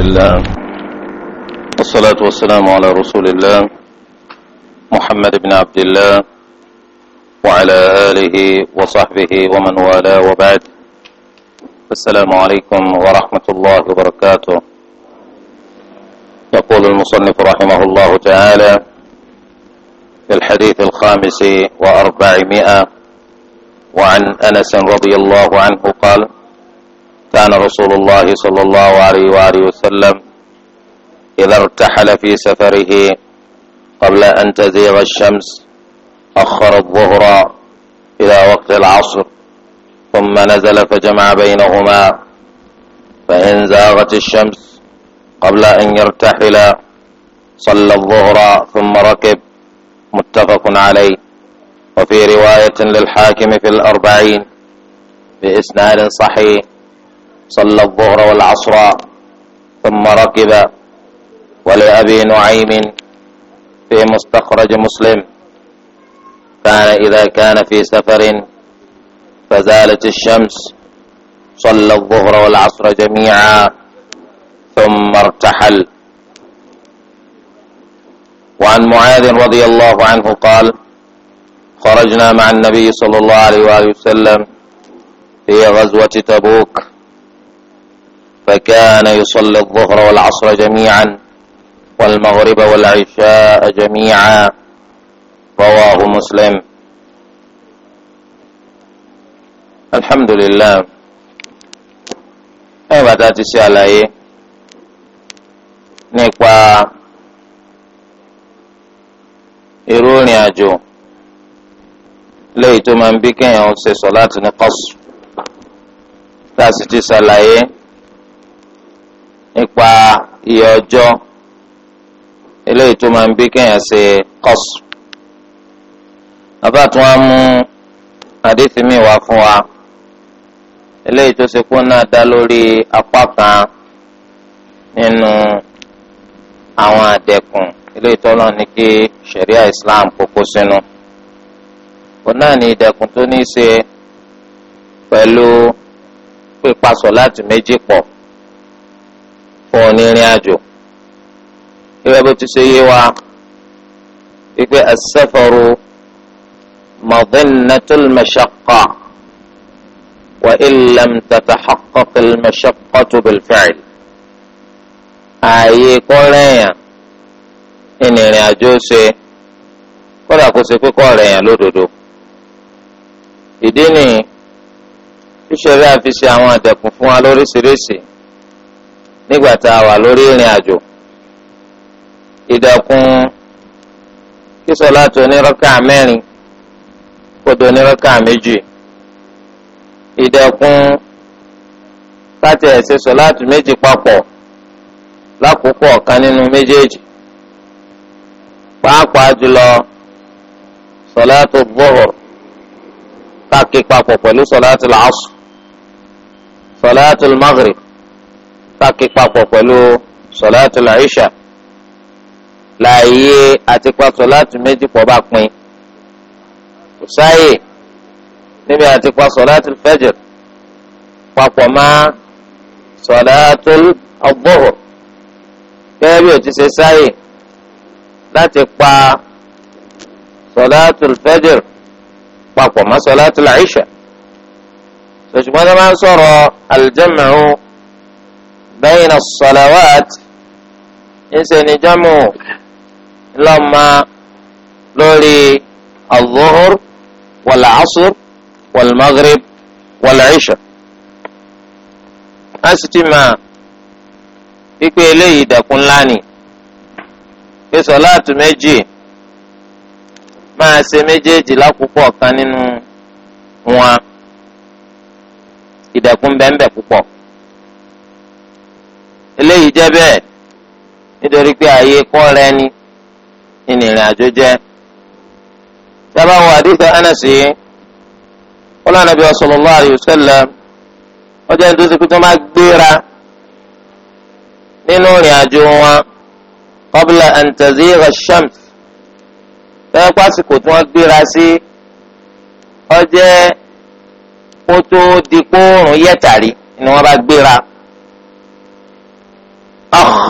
الله والصلاة والسلام على رسول الله محمد بن عبد الله وعلى آله وصحبه ومن والاه وبعد السلام عليكم ورحمة الله وبركاته يقول المصنف رحمه الله تعالى في الحديث الخامس وأربعمائة وعن أنس رضي الله عنه قال كان رسول الله صلى الله عليه وآله وسلم إذا ارتحل في سفره قبل أن تزيغ الشمس أخر الظهر إلى وقت العصر ثم نزل فجمع بينهما فإن زاغت الشمس قبل أن يرتحل صلى الظهر ثم ركب متفق عليه وفي رواية للحاكم في الأربعين بإسناد صحيح صلى الظهر والعصر ثم ركب ولأبي نعيم في مستخرج مسلم كان إذا كان في سفر فزالت الشمس صلى الظهر والعصر جميعا ثم ارتحل وعن معاذ رضي الله عنه قال خرجنا مع النبي صلى الله عليه وآله وسلم في غزوة تبوك فكان يصلي الظهر والعصر جميعا والمغرب والعشاء جميعا رواه مسلم الحمد لله ẹ bàtà ti ṣe àlàyé nípa irú ìrìn àjò léyìí tó máa ń bí kéèyàn ṣe sọ láti ní kọ́sù tá a sì ti ṣàlàyé. nípa iye ọjọ́ eléyìí tó máa ń bí kéèyàn ṣe kọ́sù. bàbá tí wọ́n mú àdéhùn mi wá fún wa eléyìí tó ṣe kó náà dá lórí apá kan nínú àwọn àdẹ̀kùn eléyìí tó lọ́n ní kí ṣẹ̀ríà Islam kókó sínú. kò náà ní ìdẹ̀kùn tó ní í ṣe pẹ̀lú pípa sọ̀láàtì méjì pọ̀ fún onírìn àjò ìwé bó ti ṣe yé wa wípé as-safaru madinnatul mashaqqa wa illam tatahaqqaq al-mashaqqatu bil-fi'l ààyè kọ́rẹ́yàn ìnìrìn àjò ṣe kódà kó ṣe pé kọ́rẹ́yàn lódodo ìdí nìyí ìṣẹ̀rí àfi àwọn àdẹ̀kùn fún wa lóríṣiríṣi nígbà tá a wà lórí ìrìn àjò ìdẹ̀kùn kí sọ̀láàtì onírọ́kà mẹ́rin kó di onírọ́kà méjì ìdẹ̀kùn káti ẹ̀ ṣe sọ̀láàtì méjì papọ̀ lákòókò ọ̀kan nínú méjèèjì pàápàá jùlọ sọ̀láàtì bọ́ọ̀rọ̀ káàkiri papọ̀ pẹ̀lú sọ̀láàtì làásù sọ̀láàtì maghrib káàkiri papọ̀ pẹ̀lú sọ̀láàtì làyíṣà láàyè àti pa sọ̀láàtì méjì pọ̀ bá pín kò sáàyè níbi àti pa sọ̀láàtì fẹ́jẹ̀ papọ̀ má sọ̀láàtì ọgbọ́hùn gẹ́gẹ́ bí o ti ṣe sáàyè láti pa sọ̀láàtì fẹ́jẹ̀ papọ̀ má sọ̀láàtì làyíṣà sọ̀tùmọ́tà máa ń sọ̀rọ̀ àlùjẹ́mẹ̀rún bayna salawat ńṣe ni jámù lọ́mọ lórí al-zuhur wal-asr wal-maghrib wal-isha. a sì ti máa pípé eléyìí dẹ̀kun ńlá ni pé sọláàtù méjì máa ṣe méjèèjì lákòókò ọ̀kan nínú wọn ìdẹ̀kun bẹ́ẹ̀ bẹ́ẹ̀ púpọ̀ eléyìí jẹ́ bẹ́ẹ̀ nítorí pé ààyè kọ́ rẹ ni ìrìn àjò jẹ́. sábà wọ àdìsá Anasi ọlọ́run àbí sallallahu alayhi wa sallam ọjọ́ nítorí pé tó máa gbéra nínú ìrìn àjò wọn qabla an tazigha ash-shams fẹ́ẹ́ pásìkò tí wọ́n gbéra sí ọjẹ́ kótó dikóòrùn yẹ̀tàrí ni wọ́n bá gbéra.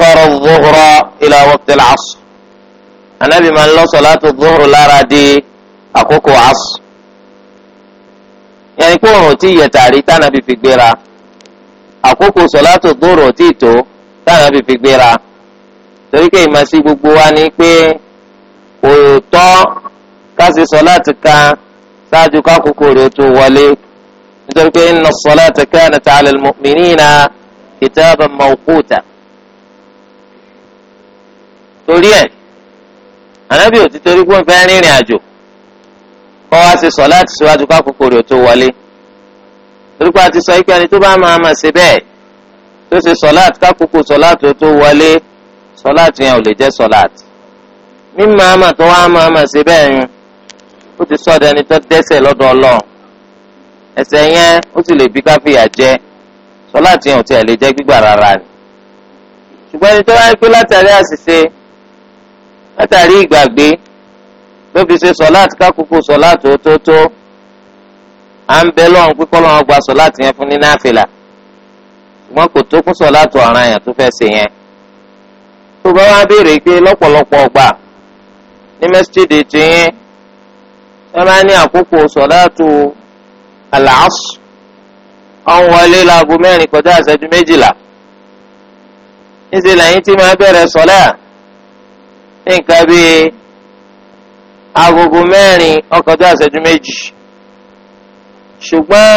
أخر الظهر إلى وقت العصر النبي من له صلاة الظهر لا ردي أقوك عصر يعني كون روتية تاري تنبي في كبيرة أقوك صلاة الظهر روتيتو تنبي في كبيرة torí pé ìmọ̀sí gbogbo wa ni pé kò tọ́ ká ṣe sọ̀láàtì kan ṣáájú kákòókò rẹ̀ tó wọlé nítorí pé inna as-salata kanat 'ala al-mu'minina kitaban mawquta torí ẹ̀ ànábì ò ti torí pé ó fẹ́ rìnrìn àjò kọ́ wá sí sọ láti síwájú kákòókò rẹ̀ tó wọlé torí pé a ti sọ yìí pé ẹni tó bá máa máa ṣe bẹ́ẹ̀ tó ṣe sọ láti kákòókò sọ láti tó wọlé sọ láti yẹn ò lè jẹ́ sọ láti mímọ àmà tó wá máa máa ṣe bẹ́ẹ̀ yẹn ó ti sọ ọ̀dọ̀ ẹni tó dẹ́ṣẹ̀ lọ́dọ̀ Ọlọ́run ẹ̀ṣẹ̀ yẹn ó sì lè bí káfíà jẹ́ sọ láti yẹn ò tiẹ̀ lè jẹ́ gbígbà rárá ni ṣùgbọ́n ẹni tó wáyé pé látàrí àṣìṣe látàrí ìgbàgbé ló fi ṣe sọláàtì kákòókò sọláàtì òtótó à ń bẹ lọ́run pé kọ́lọ́run gba sọláàtì yẹn fún ní náfìlà ṣùgbọ́n kò tó kún sọláàtì ọ̀ràn yẹn tó fẹ́ ṣe yẹn tó bá wá béèrè pé lọ́pọ̀lọpọ̀ ọgbà ní mẹ́sítíìdì tìyín ẹ máa ní àkókò sọláàtì àlàásù ọ̀hún wọlé láago mẹ́rin kọjá ìṣẹ́jú méjìlá níṣẹ́ lẹ́yìn tí máa bẹ̀rẹ̀ sọláà nǹkan bíi agogo mẹ́rin ọkọ̀dọ́ àṣẹjú méjì ṣùgbọ́n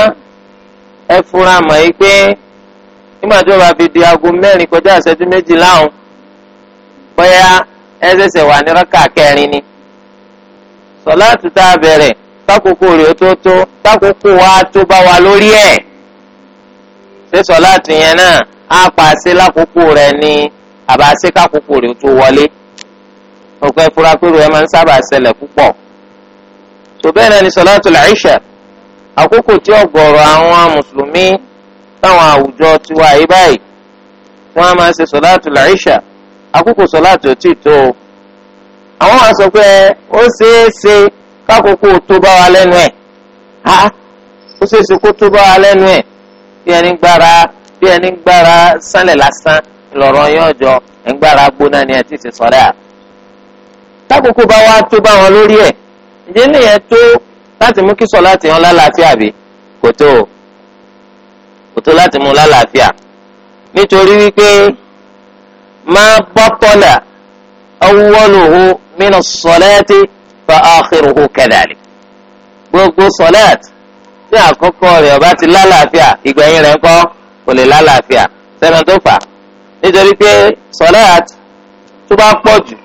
ẹ fura mọ̀ yìí pé nígbà tí ó bá fi di aago mẹ́rin kọjá àṣẹjú méjì láwọn bóyá ẹ ṣẹ̀ṣẹ̀ wà ní rákà kẹrin ni sọláàtù tá a bẹ̀rẹ̀ tákòókò rẹ̀ ó tó tó tákòókò wa tó bá wa lórí ẹ̀ ṣé sọláàtù yẹn náà á pa ṣe lákòókò rẹ̀ ni àbá ṣe kákòókò rẹ̀ ó tó wọlé. ọ̀pọ̀ ẹ̀kúrakúrú ẹ̀ máa ń sábà ṣẹlẹ̀ púpọ̀. ṣùgbọ́n náà ni sọ̀látù làìṣà àkókò tí ọ̀gọ̀rọ̀ àwọn mùsùlùmí táwọn àwùjọ ti wà yí báyìí wọ́n á máa ṣe sọ̀látù làìṣà àkókò sọ̀látù ò tí ì tó o. àwọn wàá sọ pé ó ṣeé ṣe kákòókò tó bá wa lẹ́nu ẹ̀ á ó ṣeé ṣe kó tó bá wa lẹ́nu ẹ̀ bí ẹni gbára bí ẹni gbára sánlẹ̀ lásán ìlọ̀rọ̀ yín ọ̀jọ̀ ẹ̀ńgbára gbóná ni ẹ̀ ti ṣe sọ̀rẹ́ tákòókò bá wá tó bá wọn lórí ẹ̀ ǹjẹ́ nìyẹn tó láti mú kí sọ láti hàn lálàáfíà bí kò tó kò tó láti mú lálàáfíà nítorí wípé máa bọ́pọ̀là awwaluhu min as fa akhiruhu kadhalik gbogbo sọlẹ́t tí àkọ́kọ́ rẹ̀ ọba ti lálàáfíà ìgbẹ̀yìn rẹ̀ ńkọ́ kò lè lálàáfíà sẹ́nu tó fà nítorí pé sọlẹ́t tó bá pọ̀ jù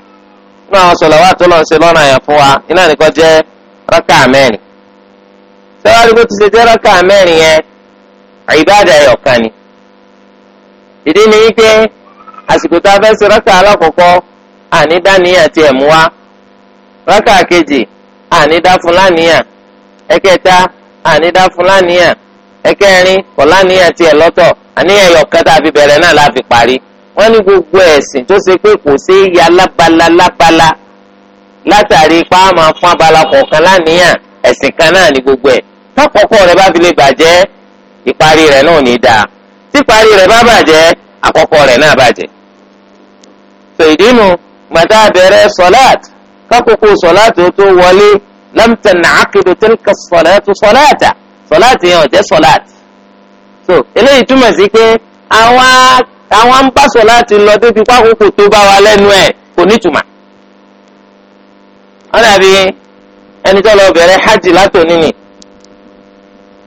náà àwọn sọ̀làwà tó lọ́n ṣe lọ́nà yẹn fún wa iná nìkan jẹ́ rákà mẹ́rin sẹ́wájú bó ti ṣe jẹ́ rákà mẹ́rin yẹn ìbáàdà ẹ̀ ọ̀kan ni ìdí ni wípé àsìkò tá a fẹ́ ṣe rákà alákọ̀ọ́kọ́ wa kejì fún ẹ̀kẹta fún ẹ̀kẹrin lọ́tọ̀ wọ́n ní gbogbo ẹ̀sìn tó ṣe pé kò ṣe é ya lábala lábala látàrí ipá máa fún abala kọ̀ọ̀kan láníyàn ẹ̀sìn kan náà ní gbogbo ẹ̀ tọ́kọ̀ọ́kọ́ rẹ bá fi lè bàjẹ́ ìparí rẹ̀ náà ní dáa tí ìparí rẹ̀ bá bàjẹ́ àkọ́kọ́ rẹ̀ náà bàjẹ́. sọ ìdínú gbàtà bẹ̀rẹ̀ sọ̀láàt kákòókò sọ̀láàt tó wọlé lamtan àkìdù tilka sọ̀láàt sọ̀láàtà yẹn ò jẹ́ sọ̀láàt. táwọn ń bá láti lọ débi pákókò tó bá wa lẹ́nu ẹ̀ kò nítumà. wọ́n dàbí ẹni tó lọ bẹ̀rẹ̀ hajj látòní ni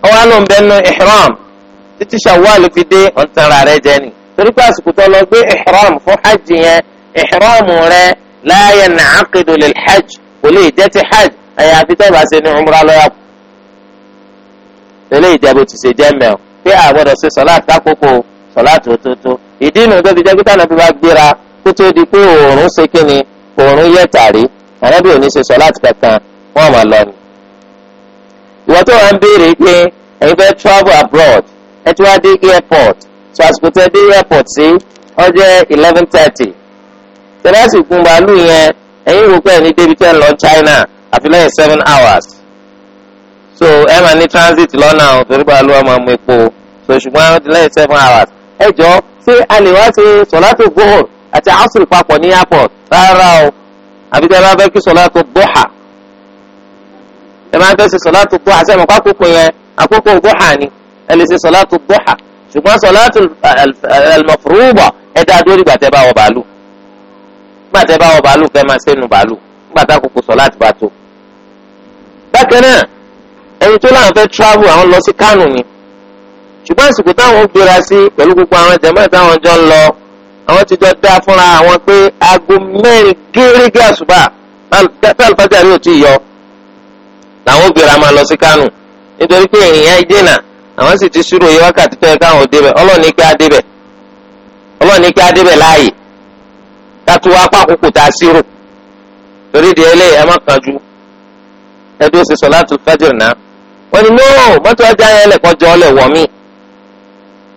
wọ́n wá lóun bẹ́ẹ̀ nu ihram títí Ṣawwal fi dé ọ̀ntara rẹ̀ jẹ́ ni torí pé àsìkò tó lọ gbé ihram fún hajj yẹn ihram rẹ hajj kò lè hajj bá ṣe umra lọ́yà kù. ti ṣe jẹ́ pé àgbọ̀dọ̀ sọláàtì òtótó ìdí inú tó fi jẹ́ kíkà nàbí bá gbéra kó tó di pé òòrùn ṣe kí ni òòrùn yẹ tàrí ànábì ò ní ṣe sọláàtì kankan wọ́n máa lọ ni. ìwọ tó wà ń béèrè pé ẹ̀yin fẹ́ travel abroad ẹ ti wá dé airport so àsìkò tẹ dé airport sí ó eleven thirty tẹ̀lẹ́sì gun bàálù yẹn ẹ̀yin wò pé ẹni débi tẹ́ ń lọ China àfi lẹ́yìn seven hours so ẹ máa ní transit lọ́nà torí bàálù ọmọ ọmọ epo so ṣùgbọ́n lẹ́yìn seven hours ẹ jọ ṣé a lè wá ṣe sọ̀látò gbóhùn àti asùn papọ̀ ní airport rárá o àbí tẹ́ bá fẹ́ kí sọ̀látò gbóhà ẹ máa ń fẹ́ ṣe sọ̀látò gbóhà sẹ́mi kó àkókò yẹn àkókò gbóhà ni ẹ lè ṣe sọ̀látò gbóhà ṣùgbọ́n sọ̀látò àlùmọ̀fùrúbọ̀ ẹ dá dórí gbàtẹ́ bá wọ bàálù gbàtẹ́ bá wọ bàálù kẹ́ máa ṣẹ́nu bàálù gbàtà kókò sọ̀látò bá tó. bákan náà ẹni tó láwọn fẹ́ travel àwọn lọ sí Kánò ni ṣùgbọ́n àsìkò táwọn gbéra sí pẹ̀lú gbogbo àwọn jẹ̀mọ́ táwọn jọ ń lọ àwọn ti jọ dá fúnra àwọn pé aago mẹ́rin gérégé àṣùbà tálùfájà yóò ti yọ làwọn gbéra máa lọ sí Kánò nítorí pé èèyàn jìnnà àwọn sì ti ṣúrò yẹ wákàtí tó yẹ káwọn ò débẹ̀ ọlọ́ọ̀ni pé á débẹ̀ ọlọ́ọ̀ni pé á débẹ̀ láàyè tatu wa apá tá a ṣírò torí di ẹlẹ́yìí ẹ má kánjú ẹ dúró sí sọ̀látù fájìrì náà wọ́n ní nóò mọ́tò ọjà yẹn lẹ̀kọ́ jọ ọ́ lẹ̀ wọ̀ míì.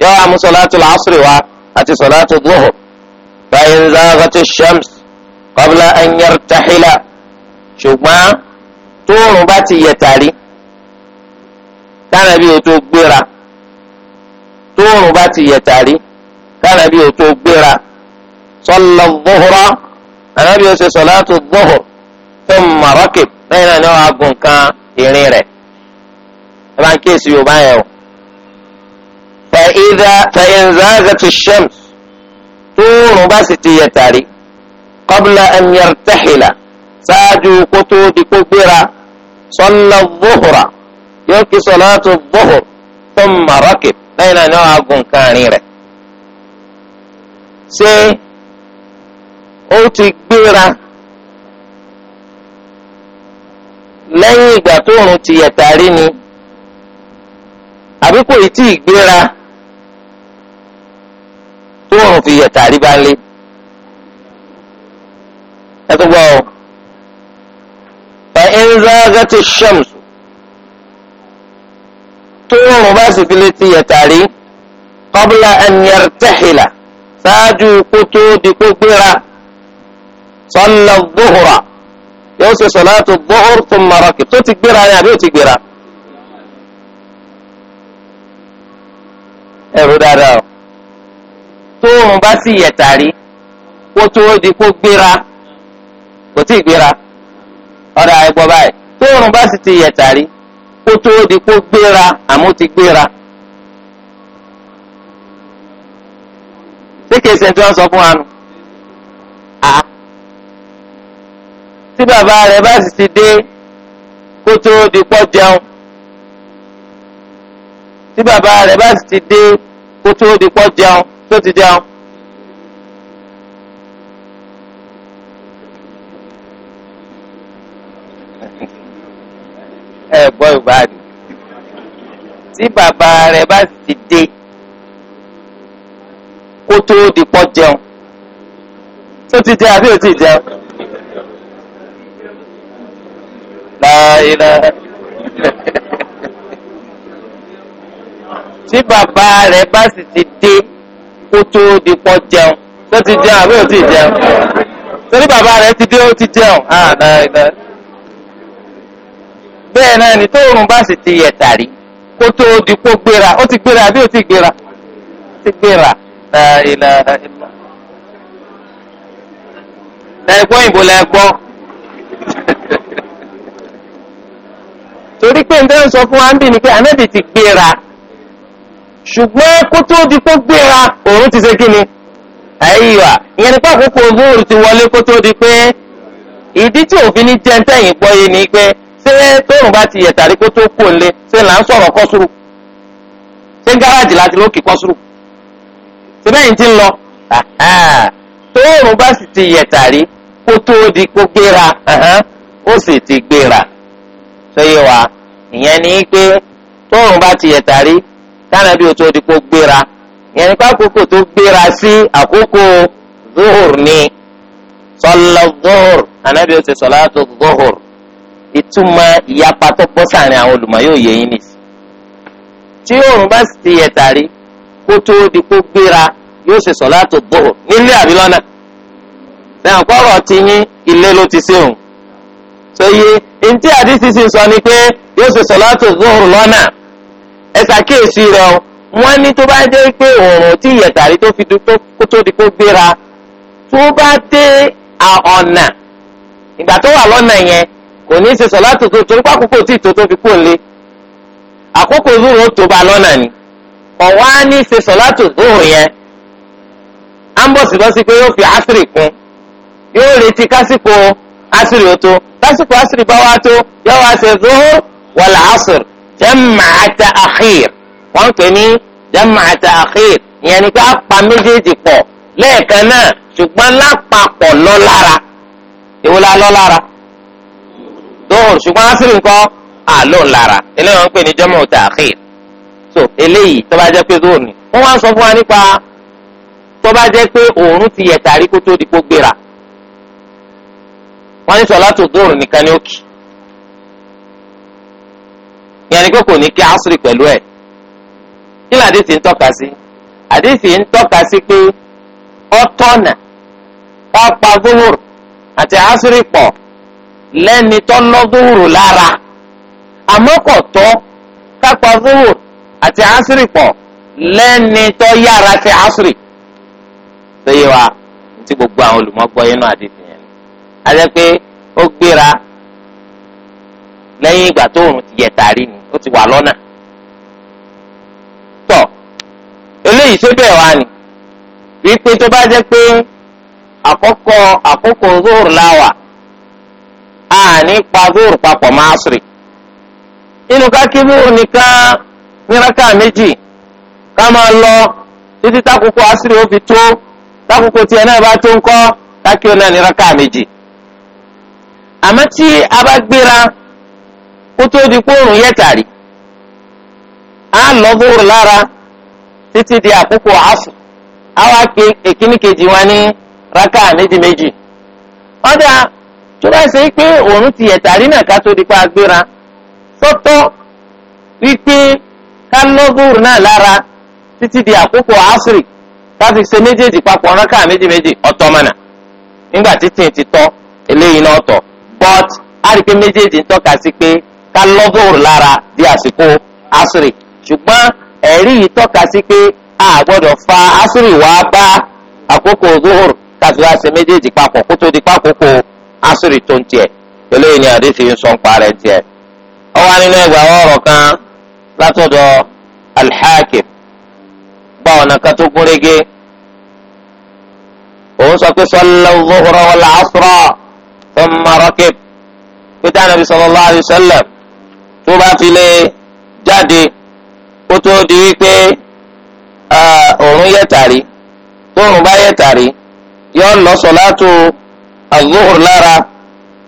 yọ àmú sọláàtù làásùrì wa àti sọláàtù gbóhùn báyìí nzáàgàtì shams kọ́bílà ẹ̀yẹr tahila ṣùgbọ́n tóòrùn bá ti yẹ tàrí kánàbí o tó gbéra tóòrùn bá ti yẹ tàrí kánàbí o tó gbéra sọlá gbóhùrọ̀ ànábì ó ṣe sọláàtù gbóhùn tó mọ̀rọ́kì lẹ́yìn náà ni wọ́n á gùn kan ìrìn rẹ̀ ẹ bá ń kíyèsí yorùbá yẹn o. إذا فإن زاغت الشمس تور باسطية تاري قبل أن يرتحل ساجو قطو كبيرة صلى الظهر يوكي صلاة الظهر ثم ركب بين نوع كانيرة سي أوتي كبيرة lẹ́yìn ìgbà tóòrùn ti yẹ̀tàrí ni àbí kò ì tí ì gbéra tó òrùn fi yẹ tàrí bá lé ẹ tó gbọ́ ọ. fa in zagati shamsu tó òrùn bá sì fi lè ti yẹ tàrí kobula an tehila ṣáájú koto tó di kó gbéra salla dhuhra yóò ṣe salatu to mara ki tó ti gbéra ni àbí ò ti gbéra. ẹ̀rù dáadáa o. tóòrùn bá sì yẹ̀ tàrí kó tó di kó gbéra kò tí ì gbéra ọ̀rọ̀ àìgbọ́ báyìí tóòrùn bá sì ti yẹ̀ tàrí kó tó di kó gbéra àmọ́ ti gbéra. ṣé kìí ṣe tí wọ́n sọ fún wa nù? tí bàbá rẹ̀ bá sì ti dé kó tó di pọ́ jẹun tí bàbá rẹ̀ bá sì ti dé kó tó di pọ́ jẹun tó ti jẹun. ẹ gbọ́ ìbáàdì tí bàbá rẹ̀ bá sì ti dé kó tó di pọ́ jẹun tó ti jẹ àbí ò ti jẹun. tí bàbá rẹ̀ bá sì ti dé kó tó di pọ́ jẹun tó ti jẹun àbí ò ti jẹun torí bàbá rẹ̀ ti dé ó ti jẹun bẹ́ẹ̀ náà ni tóorùn bá sì ti yẹ̀ tàrí kó tó di pọ́ gbéra ó ti gbéra àbí ò ti gbéra ti gbéra ẹ̀gbọ́n ìbò lẹ́gbọ́n. torí pé ń bẹ́ẹ̀ sọ fún wa ń bì ní pé ànábì ti gbéra ṣùgbọ́n kó tó di kó gbéra òun ti ṣe kí ni àyíwá ìyẹn nípa àkókò bóòlù ti wọlé kó tó di pé ìdí tí òfin ní jẹ́ntẹ́yìn gbọ́ yìí ni pé ṣé tóun bá ti yẹ̀ tàbí kó tó kó lé ṣé là ń sọ̀rọ̀ kọ́sùrù ṣé gáràjì láti lókè kọ́sùrù ṣé bẹ́yìn ti ń lọ tóun bá sì ti yẹ̀ tàbí kó tó di kó gbéra ó sì ti gbéra ṣé yé wa ìyẹn ni pé tóun bá ti yẹ̀ tàbí kánàbí o tó di kó gbéra yẹn nípa àkókò tó gbéra sí àkókò zuhur ni sọlá zuhur anabi ose sọláàtò zuhur ìtumọ̀ ìyapa tó pọ̀ sáàrin àwọn olùmọ̀ yóò yẹ yín nìsí. tí oòrùn bá sì ti yẹ tàrí kó tó di kó gbéra yóò ṣe sọláàtò zuhur nílé àbí lọ́nà. lẹ́yìn kọ́rọ̀ ti yín ilé ló ti ṣe òun. sọ yìí ntí àdìsí sì sọ ni pé yóò ṣe sọláàtò zuhur lọ́nà ẹ ṣàkíyèsí rẹ o wọ́n ní tó bá dé pé òòrùn tí ìyẹ̀tàrí tó fi dúpọ́ kó tó di kó gbéra tó bá dé ọ̀nà ìgbà tó wà lọ́nà yẹn kò ní í ṣe sọ̀lá tuntun torí pákókò tí ìtò tó fi kó lé àkókò zuhùn tó bá lọ́nà ni kò wá ní í ṣe sọ̀lá tuntun yẹn á ń bọ̀ sí lọ sí pé yóò fi àṣírí kún yóò retí kásìkò àṣírí ó tó kásìkò àṣírí bá wá tó yóò wá ṣe zuhùn wọ̀lá àṣírí jama'ata akhir wọ́n pè ní jama'ata akhir ìyẹn ni pé a pa méjèèjì pọ̀ lẹ́ẹ̀kan náà ṣùgbọ́n lápapọ̀ lọ́lára èwo la lọ́lára dóhùn ṣùgbọ́n asìrì nǹkan àlò ńlára eléyìí wọ́n pè ní jama'ata akhir so eléyìí tó bá jẹ́ pé dóhùn ni wọ́n wá sọ fún wa nípa tó bá jẹ́ pé òórùn ti yẹ̀ tàrí kó tó di kó gbéra wọ́n ní sọ̀látù dóhùn nìkan ní òkì yẹn ni kò ní kí asiri pẹ̀lú ẹ̀ kí ni àdìsí ń tọ́ka sí àdìsí ń tọ́ka sí pé ọ̀tọ̀nà pápá àti asiri pọ̀ lẹ́ni tọ́lọ́ zuhur lára àmọ́kọ̀tọ́ kápá zuhur àti asiri pọ̀ lẹ́ni gbogbo àwọn olùmọ̀gbọ́ yẹn àdìsí yẹn pé lẹ́yìn ìgbà tó òòrùn ti yẹ tàrí ni ó ti wà lọ́nà. tọ́ eléyìí tó bẹ̀ wá ni wípé tó bá jẹ́ pé àkọ́kọ́ àkókò zóòrù láwà a ní pa papọ̀ máa sùrì. nínú kákíbù nìkan níraka méjì ká máa lọ títí takụkụ ó fi tó tiẹ̀ náà bá tó ń kọ́ méjì. àmọ́ tí a kó tó di kóòrùn yẹ tàrí á lọ bóòrù lára títí di àkókò àásù àwa ké èkíní kejì wa ní raka méjì méjì ọ̀dà tó ṣe ti yẹ tàrí náà ká tó di pa agbéra sọ́tọ̀ wípé ká lọ náà lára títí di àkókò àásùrì ká fi ṣe méjèèjì papọ̀ raka méjì méjì ọ̀tọ̀ mọ̀nà nígbà títí ti tọ́ eléyìí náà tọ̀ but ká lọ́gọ́rù lára bí àsìkò asiri ṣùgbọ́n ẹ̀rí yìí tọ́ka sí pé a gbọ́dọ̀ fa asiri wá bá àkókò zuhur káfí wá sí méjèèjì papọ̀ kó tó di pákókò asiri tó ń tiẹ̀ pẹ̀lú ìní àdéhì ń sọ ń parẹ́ ń tiẹ̀. ó wá nínú ẹgbẹ́ àwọn ọ̀rọ̀ kan látọ̀dọ̀ alḥakim gba ọ̀nà kan tó gúnrégé òun sọ pé sọlá zuhur wal asra thumma rakib pé dáná bí sallallahu tó bá jade lè jáde kó tó di wípé òòrùn yẹ̀ bá yẹ̀ yọ lọ sọ̀látù azuhur lára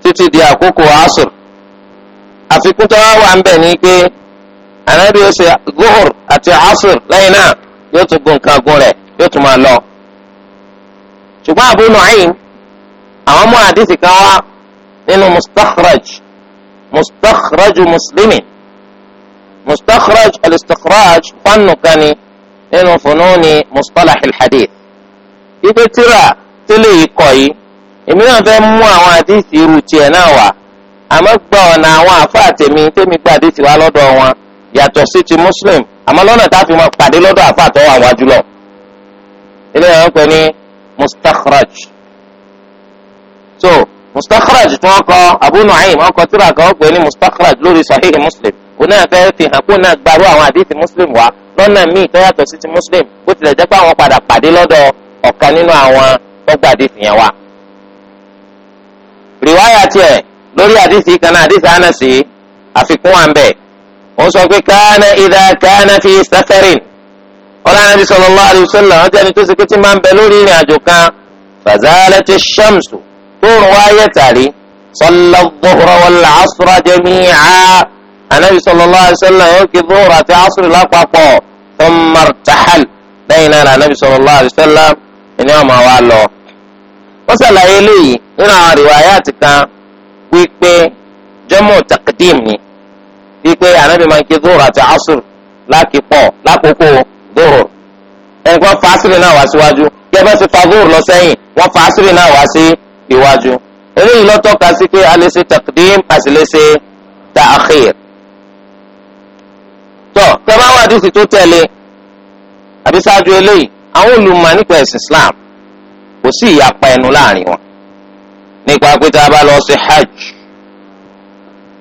títí di àkókò asur àfikún tó wá ń bẹ̀ ni pé ànábi ó ṣe àti asur lẹ́yìn náà yóò tún gun nǹkan gun rẹ̀ yóò tún máa lọ. ṣùgbọ́n مستخرج مسلم، مستخرج الاستخراج fannu kani nínú fununi mustalah alhadith ibi tíra tílé ikọ̀ yìí èmi náà fẹ́ mú àwọn àdìsí irú tiẹ̀ náà wá àmọ́ gbọ́ ọ̀nà àwọn àfọ àtẹ̀mí tẹ́mi gba àdìsí wa lọ́dọ̀ wọn yàtọ̀ sí ti muslim àmọ́ lọ́nà tá a fi máa pàdé lọ́dọ̀ àfọ àtọ́wọ́ àwọn àjùlọ. ilé ìwọ̀n pẹ̀ ní mustakhraj. so mustakhraj tí wọ́n kọ Abu Nu'aym wọ́n kọ tírà kan pè ní mustakhraj lórí sahihi muslim òun náà fẹ́ fi hàn kó náà gbarú àwọn àdìsí muslim wá lọ́nà míì tó yàtọ̀ sí ti muslim bó tilẹ̀ jẹ́ pé àwọn padà pàdé lọ́dọ̀ ọ̀kan nínú àwọn gbọ́gbà àdìsí yẹn wá. rìwáyà tiẹ̀ lórí àdìsí kan náà àdìsí Anasi àfikún wa ń bẹ̀ òun sọ pé kana idha kana fi safarin ọlọ́run sallallahu alaihi wasallam wọ́n ti ẹni tó ṣe máa ń bẹ lórí ìrìn àjò kan fazalati shamsu tó riwaya tàrí salla dhuhra wal asra jami'a anabi sallallahu alayhi wa sallam yóò oh, kí dhuhra àti asra lápapọ̀ thumma irtahal lẹ́yìn náà anabi sallallahu alayhi wa sallam ẹni ọmọ wa lọ. wọ́n ṣàlàyé eléyìí nínú àwọn riwaya ti kan wípé jọ́mọ̀ takdim ni wípé anabi máa ń kí dhuhra àti asra lákìpọ̀ lákòókò dhuhra ẹnìkan fa asra náà wá síwájú kí ẹ bá ti fa dhuhra lọ sẹ́yìn wọ́n fa asra náà wá sí iwájú eléyìí lọ́tọ́ka sí pé a lè ṣe takdim a sì lè ṣe ta'khir. tọ́ tẹ́lá wà dísì tó tẹ̀lé àbí ṣáájú eléyìí àwọn olùmọ̀ nípa ẹ̀sìn Islam kò sí ìyapa ẹnu láàrin wọn nípa pé tá a bá lọ sí hajj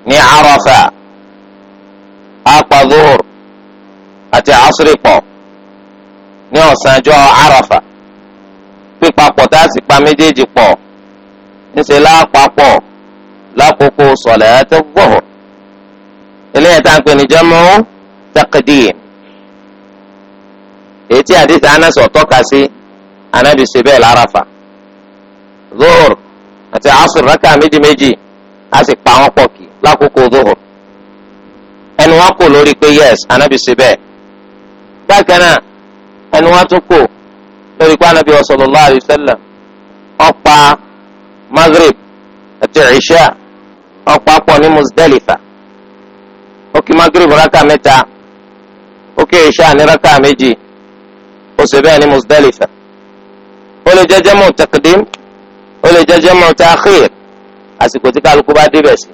ní Arafa apàdúhùr àti àsìrìpọ̀ ní ọ̀sánjọ́ Arafa pípapọ̀ tá a sì pa méjèèjì pọ̀ ńṣe lápapọ̀ lákòókò sọ̀lẹ́tẹ̀ gbọ̀họ̀ eléyìí tá à ń pè ní jẹ́mọ́ taqdim èyí tí àdìsí anásọ̀ tọ́ka sí anábì ṣe bẹ́ẹ̀ lárafa zohor àti asr rákà méjì méjì a sì pa wọn pọ̀ kì lákòókò zohor ẹnu wọn kò lórí pé yes anábì ṣe bẹ́ẹ̀ bákan náà ẹnu wọn tún kò lórí pé anábì sallallahu alaihi ọ̀pá maghrib àti isha wọn papọ̀ ní Muzdalifa ó kí maghrib raka mẹ́ta ó kí isha ní raka méjì ó sì bẹ́ẹ̀ ní Muzdalifa ó lè jẹ́ jamu taqdim ó lè jẹ́ jamu ta'khir àsìkò tí kálukú bá débẹ̀ sí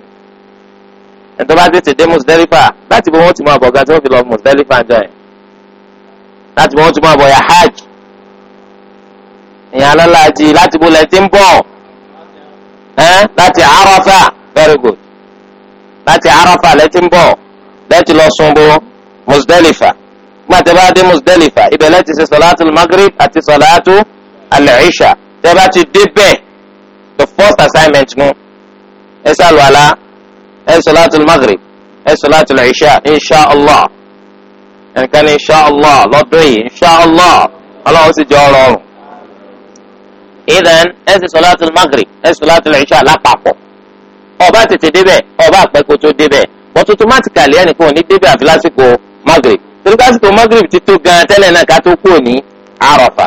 ẹ̀tọ́ bá tètè dé Muzdalifa láti bọ́ wọn ti máa bọ̀ ga tí wọ́n fi lọ Muzdalifa jọ yẹn láti bọ́ wọn ti máa bọ̀ ya hajj ìyẹn alọ́lá àti láti bọ́ lẹ́tí ń bọ̀ ẹ́ láti Arafa very good láti Arafa lẹ́tí ń bọ̀ lẹ́tí lọ sunbọ Musdalifa. gbàtẹ́ bá dé Musdalifa. ibẹ̀ lẹ́tí ṣe sọ̀láàtú Maghrib àti sọ̀láàtú al-Isha tẹ́ ti dé bẹ́ẹ̀ the first assignment nu ẹ sálù àlá ẹ sọ̀láàtú Maghrib ẹ sọ̀láàtú al-Isha insha Allah ẹnìkan ní insha Allah lọ́dún yìí insha Allah ọlọ́run sì jẹ́ ọ̀rọ̀ ọ̀rùn ìdán ẹ ṣe sọláàtì magrib ẹ ṣe sọláàtì ìṣá lápapọ̀ ọba tètè débẹ̀ ọba àpẹ́kọ̀ tó débẹ̀ but automatically ẹnì kan ò ní débẹ̀ àfi lásìkò magrib torí lásìkò magrib ti tó gan tẹ́lẹ̀ náà ká tó kú òní àròfà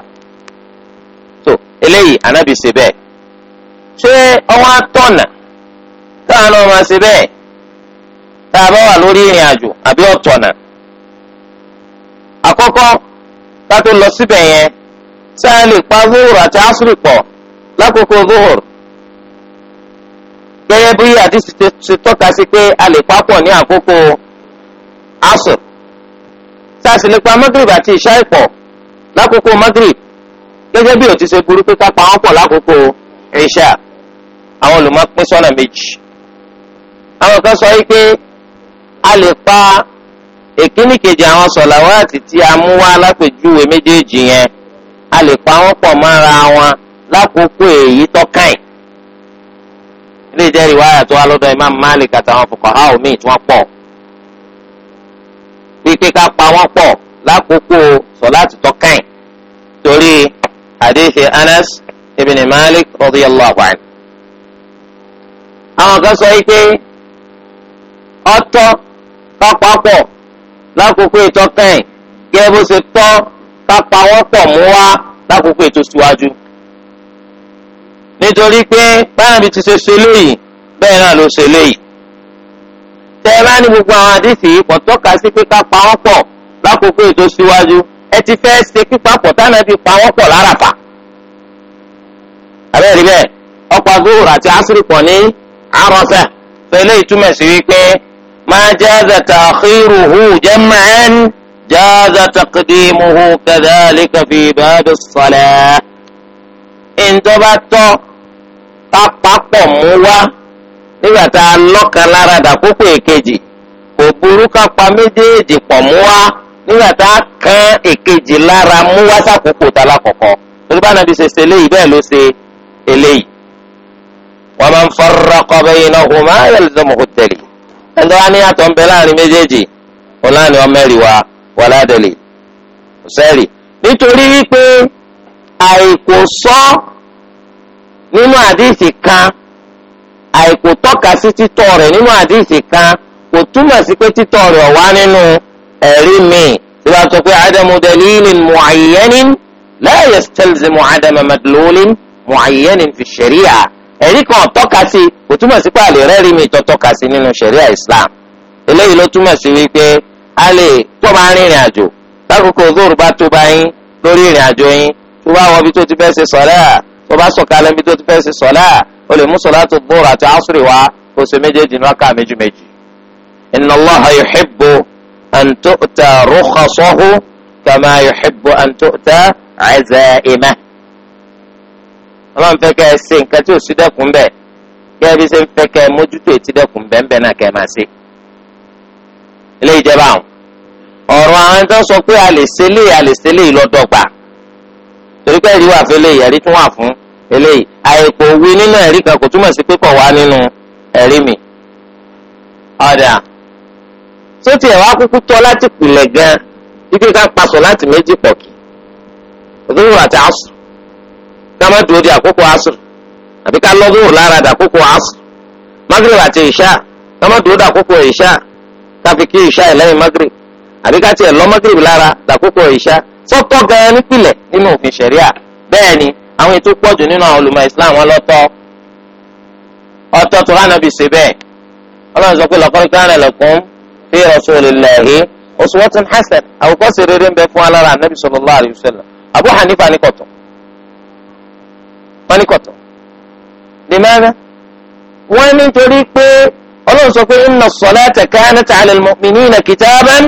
so eléyìí anábì ṣe bẹ́ẹ̀ ṣé ọwọ́ àtọ̀nà káwọn náà ṣe bẹ́ẹ̀ tá a bá wà lórí ìrìn àjò àbí ọ̀tọ̀nà àkọ́kọ́ ká tó lọ síbẹ̀ yẹn sáà lè pa zuhur àti asri pọ̀ lákòókò zuhur gẹ́gẹ́ bí àdìsí ti tọ́ka sí pé a lè papọ̀ ní àkókò asr sáà sì lè pa magrib àti ìṣáì pọ̀ lákòókò magrib gẹ́gẹ́ bí ó ti ṣe burú pé ká pa wọ́n pọ̀ lákòókò ìṣá àwọn olùmọ̀ pín sọ́nà méjì àwọn kan sọ wípé a lè pa èkíní kejì àwọn sọ̀làwátì tí a mú wá lápèjúwe méjèèjì yẹn a lè pa wọn pọ̀ mọ́ra wọn lákòókò èyí tọ́kàn ẹ̀. ilé ìjẹ́rìí riwaya tó wá lọ́dọ̀ Imam Malik àtàwọn fuqaha míì tí wọ́n pọ̀. pípé ká pa wọn pọ̀ lákòókò sọ̀láàtì tọ́kàn ẹ̀ torí hadisi Anas ibn Malik radiyallahu anhu. àwọn kan sọ wípé ọtọ́ pápápọ̀ lákòókò ìtọ́kàn ẹ̀ gẹ́gẹ́ bó ṣe tọ́ kápá wọn pọ̀ mú wá lákòókò ètò síwájú. nítorí pé báyọ̀ bí ti ṣe ṣe léyìí bẹ́ẹ̀ náà ló ṣe léyìí. tẹ́ ẹ bá ní gbogbo àwọn àdìsí kò tọ́ka sí pé kápá wọn pọ̀ lákòókò ètò síwájú ẹ ti fẹ́ ṣe pípapọ̀ tánà fi pa wọn pọ̀ láràfà. àbẹ́rẹ́ bẹ́ẹ̀ ọ̀pọ̀ agbóhùn àti asiri pọ̀ ní àrọ́fẹ́ fẹ́lẹ́ ìtumẹ̀ sí wípé máa jẹ́ zẹ̀tà جاز تقديمه كذلك في باب الصلاة إن تبتو تقطع موا nígbà tá a lọ́kan lára dàkókò èkejì kò burú ká pa méjèèjì pọ̀ mú wá nígbà tá a kan èkejì lára mú wá sàkókò tá a lákọ̀ọ́kọ́ torí bá nàbí ṣe ṣe bẹ́ẹ̀ ló ṣe eléyìí. wa man farraqa baynahuma yalzamuhu tẹ̀lé ẹ̀ńdọ́ wa ní àtọ̀ ń bẹ láàrin méjèèjì ọ̀la ni wọ́n mẹ́rin wa wàlá àdẹlẹ sẹẹrì nítorí wípé àìkò sọ nínú àdìsí kan àìkò tọ́ka sí títọ́ rẹ̀ nínú àdìsí kan kò túmọ̀ sí pé títọ́ rẹ̀ wá nínú ẹ̀rí míì tí wàá sọ pé ádámù dalilin mu'ayyanin la yastalzimu ádámù madlulin mu'ayyanin fi ṣẹ̀ríà ẹ̀rí kan tọ́ka sí kò túmọ̀ sí pé àlè rẹ́rí míì tó tọ́ka sí nínú ṣẹ̀ríà Islam eléyìí ló túmọ̀ sí wípé a lè tó máa ń rìnrìn àjò lákòókò zoro bá tó bá yín lórí ìrìn àjò yín tó bá wọ ibi tó ti fẹ́ ṣe sọ̀lá tó bá sọ̀kalẹ̀ ibi tó ti fẹ́ ṣe sọ̀lá o lè mú sọ̀lá tó bóra àti asúrì wá kó ṣe méjèèjì ní wákà méjì méjì. inna Allaha yuhibbu an tu'ta rukhsahu kama yuhibbu an tu'ta azaimah. ọlọ́run fẹ́ kẹ́ ẹ ṣe nǹkan tí ò sí dẹ́kun bẹ́ẹ̀ kẹ́ ẹ bí ṣe ń fẹ́ kẹ́ ẹ mójútó ètí dẹ́kun bẹ́ẹ̀ náà kẹ́ ẹ máa ṣe ilé ìjẹba àwọn ọ̀rọ̀ àwọn tó ń sọ pé a lè ṣe léyìí a lè ṣe léyìí lọ́dọ̀gba torí pé ẹ̀rí wà fún eléyìí ẹ̀rí tún wà fún eléyìí àìpò wí nínú ẹ̀rí kan kò túmọ̀ sí pé kò wá nínú ẹ̀rí mi. ọ̀dà tó tiẹ̀ wá kúkú tọ́ láti pìlẹ̀ gan ike ká paṣọ láti méjì pọ̀ kì òdúró àti asùn ká má dúró di àkókò asùn àbí ká lọ́gùrù lára dàkókò asùn magrib àti ìṣá ká má dúró dàkókò ìṣá káfí kí ìṣá ìlẹ́yìn magrib àbí ká tiẹ̀ lọ magrib lára lákòókò ìṣá sọ́tọ̀ gan-an nípìnlẹ̀ nínú òfin ṣẹ̀ríà bẹ́ẹ̀ ni àwọn ètò pọ̀jù nínú àwọn olùmọ̀ islam wọn lọ́tọ̀ ọ̀tọ̀ tó hànà bí ṣe bẹ́ẹ̀ ọlọ́run sọ pé laqad kana lakum fi rasulillahi uswatun hasan àwòkọ́ṣe rere ń bẹ fún alára anabi sallallahu alayhi wa sallam abu hanifa ní kọ̀tọ̀ wọ́n ní ọlọ́run sọ pé inna as-salata kanat 'ala al-mu'minina kitaban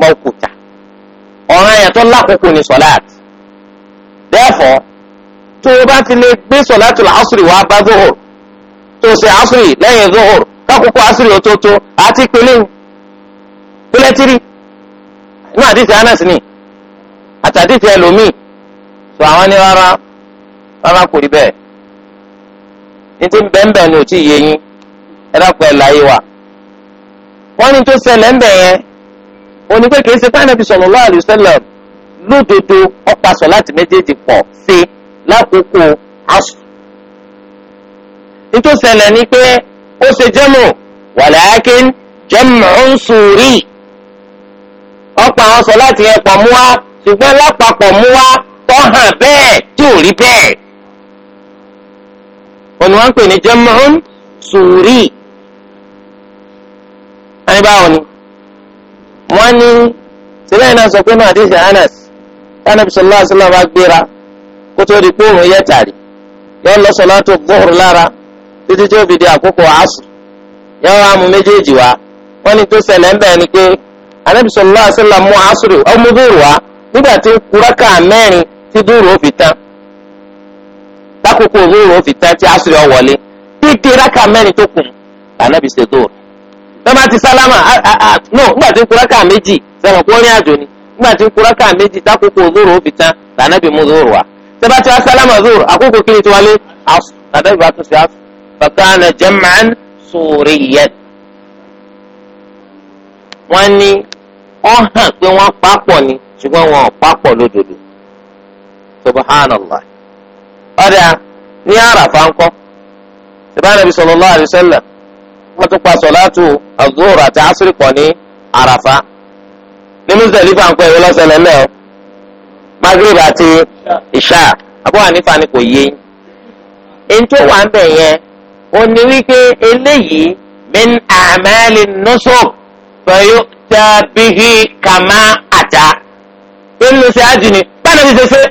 mawquta ọ̀ràn yẹn tó lákòókò ní sọ̀láàtì therefore tó o bá ti lè gbé sọ̀láàtì làásùrì wá bá zohor tó o ṣe àásùrì lẹ́yìn zohor kákòókò àásùrì ó tó tó àti ìpínlẹ̀ pílẹ́tìrì inú àdìsí anas ni àtàdìsí ẹlòmíì tó àwọn ní rárá rárá kò rí bẹ́ẹ̀ ní ti bẹ́ẹ̀ bẹ́ẹ̀ ni ò ẹ̀dàpọ̀ ẹ̀ láyé wa. wọ́n ní tó ṣẹlẹ̀ ń bẹ̀ yẹn òní pé kìí ṣe pé ànábì sallallahu alaihi wasallam lódodo ọ̀pá láti méjèèjì pọ̀ sí lákòókò asù. nítorí ṣẹlẹ̀ ni pé ó ṣe jẹ́mù walakin jam'un suri ọ̀pá àwọn sọ láti yẹn pọ̀ mú wa ṣùgbọ́n lápapọ̀ mú wa tọ́ hàn bẹ́ẹ̀ tí ò rí bẹ́ẹ̀. òní wọ́n pè ní jam'un suri. ẹni báwo ni wọ́n ní sílẹ̀ náà sọ pé náà anas tánàbí sọlá sọlá bá gbéra kó tó di kóòrùn yẹ tàrí ya lọ sọlá tó gbóhùrù lára títí tó fi di àkókò àásù yọ wá mu méjèèjì wá wọ́n ní tó ṣẹlẹ̀ ń bẹ̀ ni pé ànábì sọlá sọlá mú àásù rè ọmú dùrù wá nígbà tí kúrákà mẹ́rin tán lákòókò tán tí àásù rákà mẹ́rin tó kù tọ́ba ti sálámà no nígbà tí ń kura káà méjì sẹ́wọ̀n kó rìn àjò ni nígbà tí ń kura káà méjì tákòókò zoro ó fi tán lànàbì mú zoro wa tọ́ba ti wá sálámà zoro àkókò kí ni ti wálé asù lànàbì bá tún sí asù fàkànà jam'an suriyyan. wọ́n ní ó hàn pé wọ́n papọ̀ ni ṣùgbọ́n wọn ò papọ̀ lódodo subhanallah ọ̀dà ní àràfà ńkọ́ sibanabi sallallahu alaihi wọ́n tún pa sọ̀láàtù azúr àti asiri pọ̀ ní àràfà ní Muzdalifa ń pẹ́ ìwọlọ́sẹ̀lẹ̀ lẹ́ẹ̀ magrib àti ìṣá Abu Hanifa ni kò yé yín tó wà ń bẹ̀ yẹn ó ní wípé eléyìí min a'mali nusuk pẹ̀lú tàbíhì kàmá àtà nínú ṣe ájì ni báyìí ló ti ṣe ṣe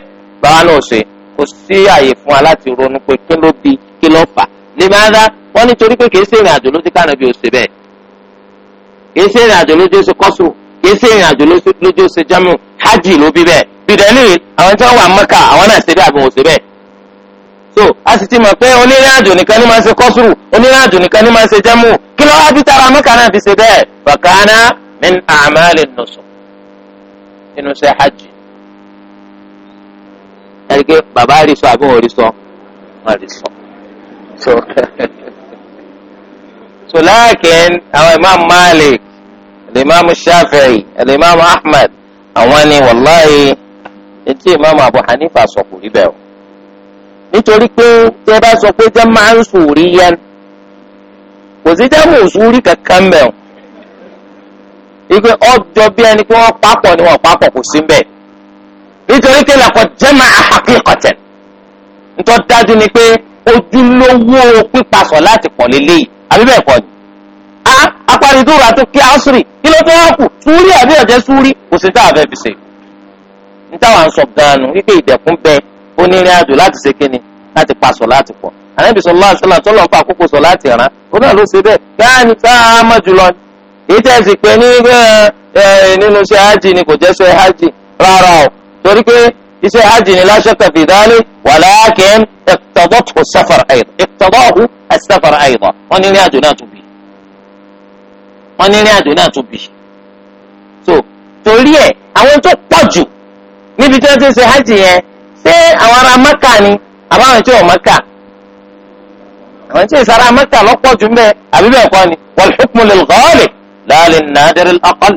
báwa náà ṣe kò sí àyè fún wa láti ronú pé kí ló bí kí ló fà á. limaada wọ́n nítorí pé kìí ka àjò ló ti kánà bí o ṣe bẹ́ẹ̀ kìí ṣe àjò ló ti ṣe kọ́sù kìí ṣe àjò ló ti ṣe jámù hajj ló bí bẹ́ẹ̀ bìdẹ́lì àwọn tí wọ́n wà mẹ́kà àwọn náà ṣe bẹ́ẹ̀ àbí so a sì ti mọ̀ pé onírìn àjò nìkan ni máa ń ṣe kọ́sùrù onírìn àjò nìkan ni máa ń ṣe jámù kí ló wá bí tara náà fi ṣe bẹ́ẹ̀ bàkánà so láàkín àwọn imam malik alimami shafi'i alimami ahmed àwọn ni wallahi eti imam abu hanifa sọ kò rí o nítorí bá sọ pé jẹ́ máa ń sùúrí yẹn kò sí jẹ́ mò kankan mẹ́ o ẹni ojúlówó pípasọ̀ láti pọ̀ lélẹ́yìí àbí bẹ́ẹ̀ kọ́ a aparidúra tó kí asiri kí ló tó wá kù súúrí àbí ọ̀jẹ́ súúrí kò sí táwọn ṣe. n ń sọ wípé ìdẹ̀kùn bẹ onírìn àjò láti ṣe kíni láti láti pọ̀. sọ láti rán ó náà ló ṣe bẹ́ẹ̀ gáàní tá a mọ̀ jùlọ ni. èyí tẹ́ ẹ sì ni kò jẹ́ hajj rárá o torí pé iṣẹ́ hajj ni la shakka fi dhalik walakin iqtadathu as-safar aydan iqtadahu as-safar aydan wọ́n ní ní àjò náà tún bì wọ́n ní ní àjò náà tún bì so torí ẹ̀ àwọn tó pọ̀ jù níbi tí wọ́n ti ṣe hajj yẹn ṣé àwọn ará Mẹ́kà ni àbáwọn tí wọ́n Mẹ́kà àwọn tí ìsara Mẹ́kà lọ́pọ̀ jù mẹ́ àbí bẹ́ẹ̀ ni wal lil-ghalik la lin al-aqall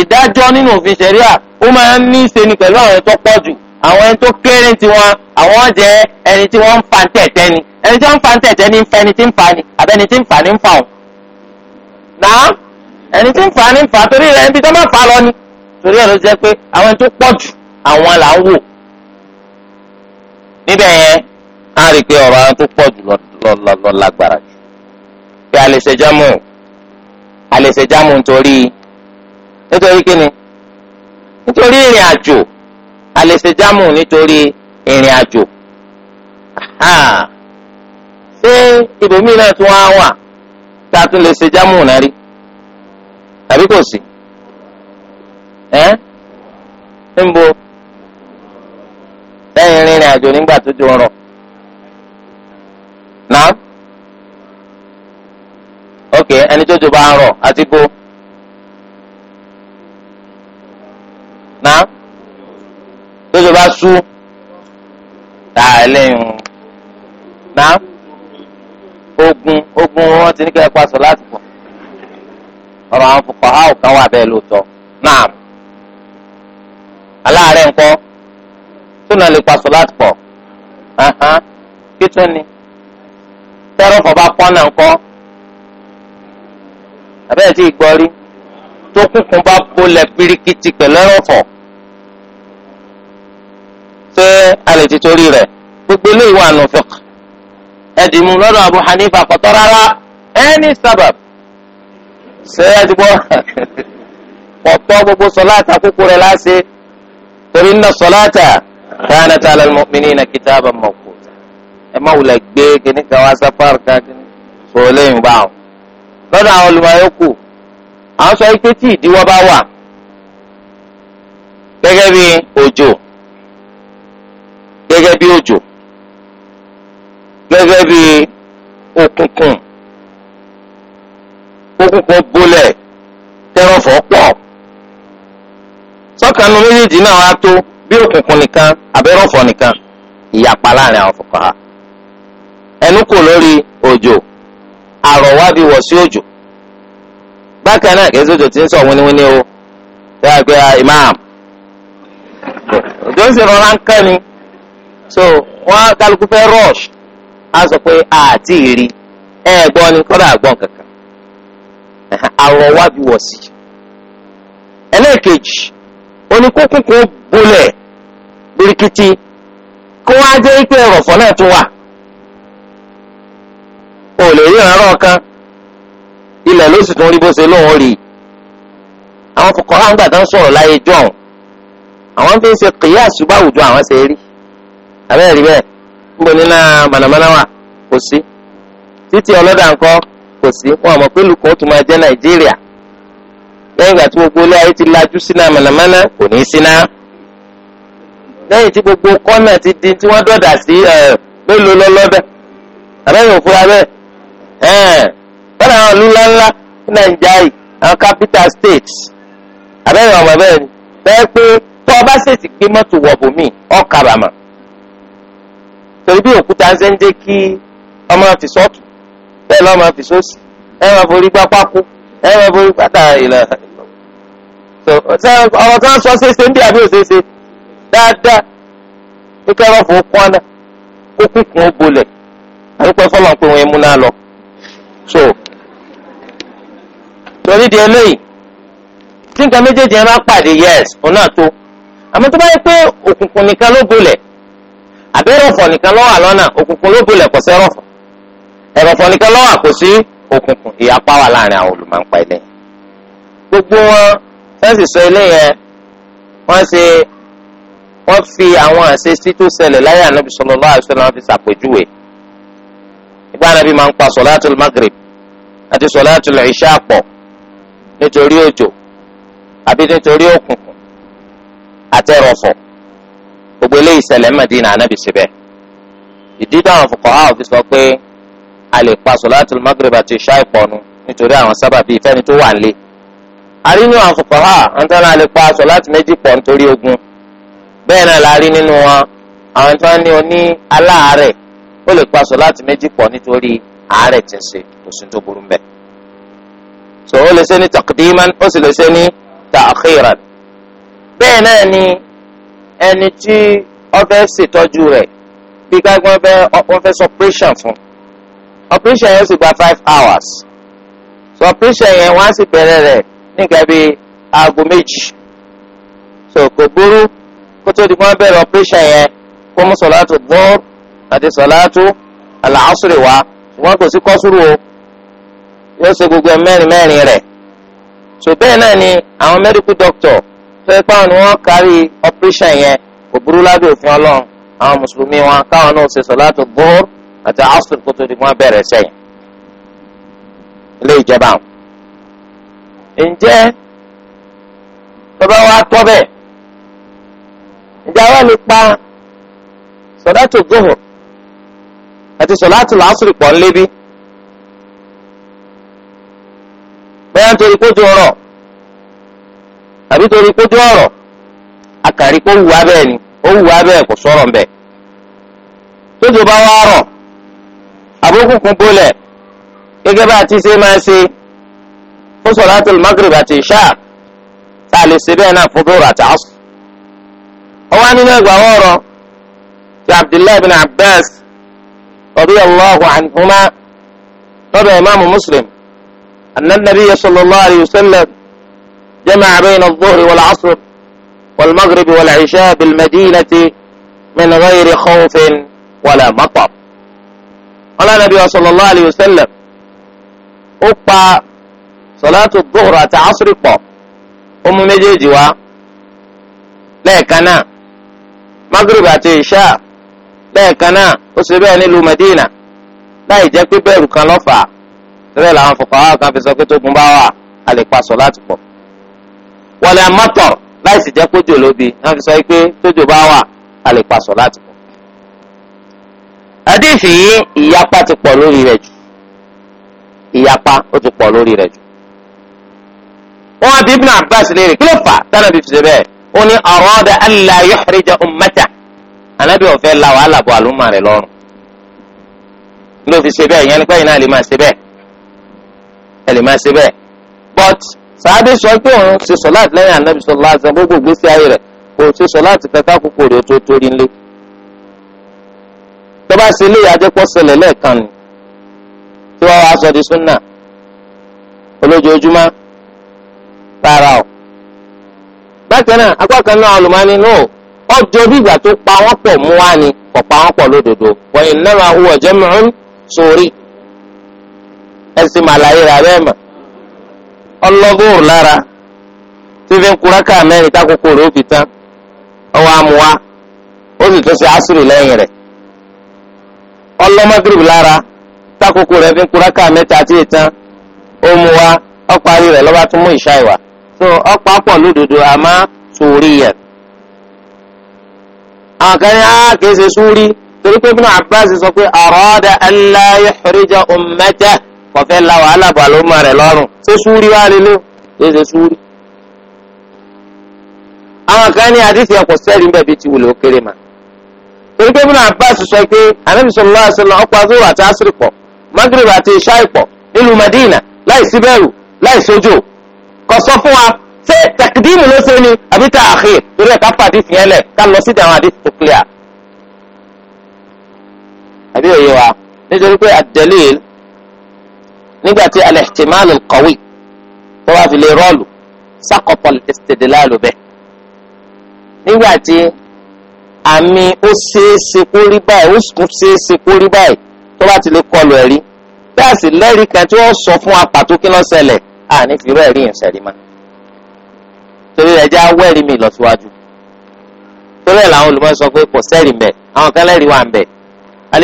ìdájọ́ nínú òfin ṣẹ̀ríà ó máa ń ní ṣe ni pẹ̀lú àwọn ẹni tó pọ̀ jù àwọn ẹni tó kéré ti wọn àwọn jẹ́ ẹni tí wọ́n ń fa tẹ̀tẹ̀ ni ẹni tí wọ́n ń fa tẹ̀tẹ̀ ni ń fẹ́ ẹni tí ń fa ni àbẹ́ni tí ń fa ni ń fa òun. náà ẹni tí ń fa ni ń fa torí rẹ̀ ibi tó máa fa lọ ni torí ẹ̀ ló jẹ́ pé àwọn ẹni tó pọ̀ àwọn là ń wò. níbẹ̀ yẹn á rí i pé ọ̀rọ̀ àwọn tó pọ̀ lọ lágbára jù pé àlèṣe jámù àlèṣe jámù nítorí nítorí kí ni nítorí ìrìn àjò àlèṣèjámù nítorí ìrìn àjò ṣé ibòmíì náà tún wá wà tá a tún lè ṣe jámù náà rí tàbí kò sí ẹ níbo lẹ́yìn rìnrìn àjò nígbà tó jọ rọ náà ok ẹni tó ń rọ àti náà tóso bá sú tà lẹ́yìn náà ogun ogun wọn ti ní kí ẹ pa sọ láti pọ̀ ọ̀rọ̀ àwọn fòkàn ha ò kàn wà bẹ́ẹ̀ lóòótọ́ náà aláàárẹ̀ ńkọ́ tó náà lè pa sọ láti pọ̀ kí tún ni tẹ́rọ̀fọ̀ bá pọ́n náà ńkọ́ abẹ́rẹ́ tí ì gbọ́ rí tó kúkú bá bolẹ̀ pirikiti pẹ̀lú ẹ̀rọ̀fọ̀ ṣé a lè ti torí rẹ̀ gbogbo ilé ìwà ànú fiqh ẹ̀dì mú lọ́dọ̀ Abu Hanifa kọ̀tọ́ rárá ẹni sábàb ṣé ẹ ti gbọ́ kọ̀tọ́ gbogbo sọláàtà kúkú rẹ̀ láṣẹ torí ń lọ sọláàtà kanat ala al-mu'minina kitaban mawquta ẹ má wulẹ̀ gbé kíní kan sáfàr kan sọ̀rọ̀ lẹ́yìn báwọn lọ́dọ̀ àwọn olùmọ̀ yòókù àwọn sọ pé tí ìdíwọ́ bá wà gẹ́gẹ́ bí òjò gẹ́gẹ́ bí òjò gẹ́gẹ́ bí òkùnkùn òkùnkùn gbolẹ̀ tẹ́rọ̀fọ̀ pọ̀ sọ́kànnù méjèèjì náà wá tó bí òkùnkùn nìkan abẹ́rọ̀fọ̀ nìkan ìyapa láàrin àwọn ha ẹnu kò lórí òjò àrọ̀wá bí wọ̀ sí òjò bákan náà ń sọ wíníwíní o gbé so wọn kálukú fẹ́ rush á sọ pé àti ìrì ẹ gbọ́ ni kọ́dà àgbọ̀n kankan àwọ̀ wá bí wọ̀ sí. ẹlẹ́ẹ̀kejì oníkókùnkùn bolẹ̀ birikiti kó wá jẹ́ pé ẹ̀rọ̀fọ̀ náà tún wà o lè rí ìrànlọ́wọ́ kan ilẹ̀ ló sì tún rí bó àwọn fọkànlá ń àwọn fi ń ṣe kìyà àwọn ṣe àbẹ́rẹ́ rí bẹ́ẹ̀ níbo níná mànàmáná wà kò sí títí ọlọ́dà ńkọ́ kò sí wọn àmọ́ pé lukùn ó tún máa jẹ́ nàìjíríà lẹ́yìn ìgbà tí gbogbo ilé ayé ti lajú kò ní í síná lẹ́yìn tí gbogbo kọ́nà ti di tí wọ́n dọ̀dà sí mélòó lọ́lọ́dà bẹ́ẹ̀ bọ́dà àwọn ìlú ńláńlá ní nàìjíríà àwọn capital states bẹ́ẹ̀ ni bẹ́ẹ̀ pé tọ́ ọ bá ṣèṣì gbé mọ́tò wọ̀bù ọ̀ torí bí òkúta ń ṣe ń jẹ́ kí ọmọ fi sọ́ọ̀tù bẹ́ẹ̀ lọ́ máa fi sósì ẹ máa forí gbá pákó ẹ máa forí pátá ìlà ọ̀rọ̀ tí wọ́n sọ ṣeéṣe ń bí àbí òṣeéṣe dáadáa ní kẹ́rọ̀ fún kọ́nà kó kúkú ó bolẹ̀ àdúpẹ́ fọlọ́n pé wọ́n mú náà lọ. so torí di eléyìí tí nǹkan méjèèjì yẹn bá pàdé yes òun náà tó àmọ́ tó bá yẹ pé òkùnkùn nìkan ló bolẹ̀ àbí rọ̀fọ̀ nìkan lọ́wọ́ àlọ́nà òkùnkùn ló bolẹ̀ kọ́ sẹ́ rọ̀fọ̀ ẹ̀rọ̀fọ̀ nìkan lọ́wọ́ àkòsí òkùnkùn ìyapa wà láàrin àwọn olùmọ̀ǹpa ilé yẹn gbogbo wọn fẹ́ǹsì sọ ilé yẹn wọ́n ṣe wọ́n fi àwọn àṣeṣí tó ṣẹlẹ̀ láyé ànábì sallallahu alaihi wasallam fi ṣàpèjúwe ìgbà ànábì máa ń pa sọ̀láàtúl magrib àti sọ̀láàtúl ìṣá pọ̀ nítorí òjò àbí nítorí òkùnkùn àtẹ̀rọ̀fọ̀ gbogbo ilé ìṣẹ̀lẹ̀ Mẹdínà Ànábì ṣe bẹ́ẹ̀ ìdí táwọn fuqaha fi sọ pé a lè pa solatul magreba àti ìṣá ìpọnu nítorí àwọn sábàbí ìfẹ́ni tó wà nílé a rí nínú àwọn fuqaha àwọn tó náà lè pa solat méjì pọ̀ nítorí ogun bẹ́ẹ̀ náà la rí nínú wọn àwọn tó ní oní aláàárẹ̀ ó lè pa solat méjì pọ̀ nítorí àárẹ̀ tí ń ṣe kò sí tó burú mbẹ so ó lè ṣe ní taqdiman ó sì lè ṣe ní ta'khiran bẹ́ẹ̀ náà ni ẹni tí wọ́n fẹ́ ṣètọ́jú rẹ̀ bí káàkiri wọ́n fẹ́ wọ́n fẹ́ sọ operation fún operation yẹn sì gba five hours so operation yẹn wọ́n á sì bẹ̀rẹ̀ rẹ̀ nígbà bí aago méjì so kò burú kó tó di wọ́n bẹ̀rẹ̀ operation yẹn kó mú sọ̀láàtù bọ́ọ̀r àti sọ̀láàtù àlàásùrè wá wọ́n kò sí kọ́sùrù o yóò ṣe gbogbo mẹ́rin mẹ́rin rẹ̀ so bẹ́ẹ̀ náà ni àwọn medical doctor fẹ́ pàwọn ni wọ́n kárí operation yẹn kò burú lábẹ́ òfin ọlọ́run àwọn mùsùlùmí wọn káwọn náà ṣe sọ̀láàtù dhuhr àti asr kó tó di wọn bẹ̀rẹ̀ sẹ́yìn ilé ìjọba àwọn. ǹjẹ́ bàbá wa tọ́ bẹ́ẹ̀ ǹjẹ́ àwọn àti pọ̀ ńlẹ́bí bẹ́ẹ̀ nítorí kó àbí torí kójú ọ̀rọ̀ akàrí kó wù abẹ́ ni ó wù abẹ́ kò sọ̀rọ̀ mbẹ́ tójú bá wà rọ̀ àbókùnkùn bólẹ̀ gẹ́gẹ́ bá a ti ṣe máa ṣe fún sọ̀látùl magrib àti ìṣá tá a lè ṣe bẹ́ẹ̀ náà fún bóòrò àti àṣù. ọwọ́ nínú ẹgbàá ọ̀rọ̀ ti abdullahi bin abbas radiyallahu anhuma lọ́dọ̀ imaamu muslim anna nabiyya sallallahu alayhi wa sallam. جمع بين الظهر والعصر والمغرب والعشاء بالمدينة من غير خوف ولا مطر قال النبي صلى الله عليه وسلم أقبع صلاة الظهر تعصر قب أم مجيجي و لكنا مغرب عشاء لكنا أسبوع نلو مدينة لا يجب بيرو كان لفع ترى لهم فقهاء كان في سوكتو قنباوة عليك صلاة قب wọlé mọ́tọ̀ láì sì jẹ́ kójò lóbi náà fi sọ pé tójò bá wà a lè pa sọ̀láàtì pọ̀. àdéhìí yìí ìyapa ti pọ̀ lórí rẹ̀ jù ìyapa ó ti pọ̀ lórí rẹ̀ jù. wọ́n bí Ibn Abbas léèrè kí ló fà tánà bí fìṣẹ́ bẹ́ẹ̀ ó ní arada an la yuhrija ummata anábì ó fẹ́ la wàhálà bọ̀ àlùmọ́ rẹ̀ lọ́rùn. ló fi ṣe bẹ́ẹ̀ yẹn nípa yìí náà lè máa ṣe bẹ́ẹ̀ lè máa ṣe bẹ́ẹ̀ but sàádé sọ pé òun ṣe sọláàtì lẹ́yìn ànábì sọlá àti gbogbo ìgbésí ayé rẹ̀ kò ṣe sọláàtì kẹta kókó rẹ̀ tó torí ńlẹ̀ tó bá ṣe léyà jẹ́pọ̀ ṣẹlẹ̀ lẹ́ẹ̀kan ni tí wọ́n wá sọ di súnà olójoojúmọ́ tààrà ọ̀ bákan náà apá kan náà olùmọ́ni náà ọjọ́ bígbà tó pa wọ́n pọ̀ mú wá ni kò pa wọ́n pọ̀ lódodo wọ́n innama huwa jam'un sórí ẹ̀sìn ọlọ́gọ́rù lára tí fi ń kura ká mẹ́rin tákòkò rẹ̀ ó fi tán ọwọ́ amúwa ó sì tún ṣe àṣírí lẹ́yìn rẹ̀ ọlọ́mọgírì lára tákòkò rẹ̀ fi ń kura ká mẹ́ta àti ó so lódodo àmọ́ sòrí àwọn kan kọfẹ la wàhálà bàlómà rẹ lọ́rùn ṣé súúrì wà lélẹ̀ ṣé ṣe súúrì. àwọn kan ní àdìsí ẹkọ sẹẹrì níbẹ̀ bíi ti wùlé ó kéré mà. torí pé Ibn Abbas sọ pé Ànábì sallallahu alaihi wasallam ọkọ azúrò àti asiri pọ̀ Maghrib àti Isha pọ̀ nílùú Madina láì sí bẹ̀rù láì sójò kò sọ fún wa ṣé tẹkidimu ló ṣe ni àbí tá a xè torí ẹ ká fà àdìsí yẹn lẹ ká lọ sí àwọn àdìsí tó clear. àbí òye wa nítorí pé ad nígbà tí al-ihtimal al-qawi tó wá fi lè rọ́ọ̀lù saqata al-istidlal bẹ́ẹ̀ nígbà tí àmì ó ṣeéṣe kó rí báyìí ó tún ṣeéṣe kó rí báyìí tó bá ti lè kọlu ẹ̀rí bí a sì lẹ́rìí kan tí wọ́n sọ fún apà tó kí mi lọ síwájú torí ẹ̀ làwọn olùmọ̀ sọ pé kò sẹ́rìí mbẹ̀ àwọn kan lẹ́rìí wà mbẹ̀ al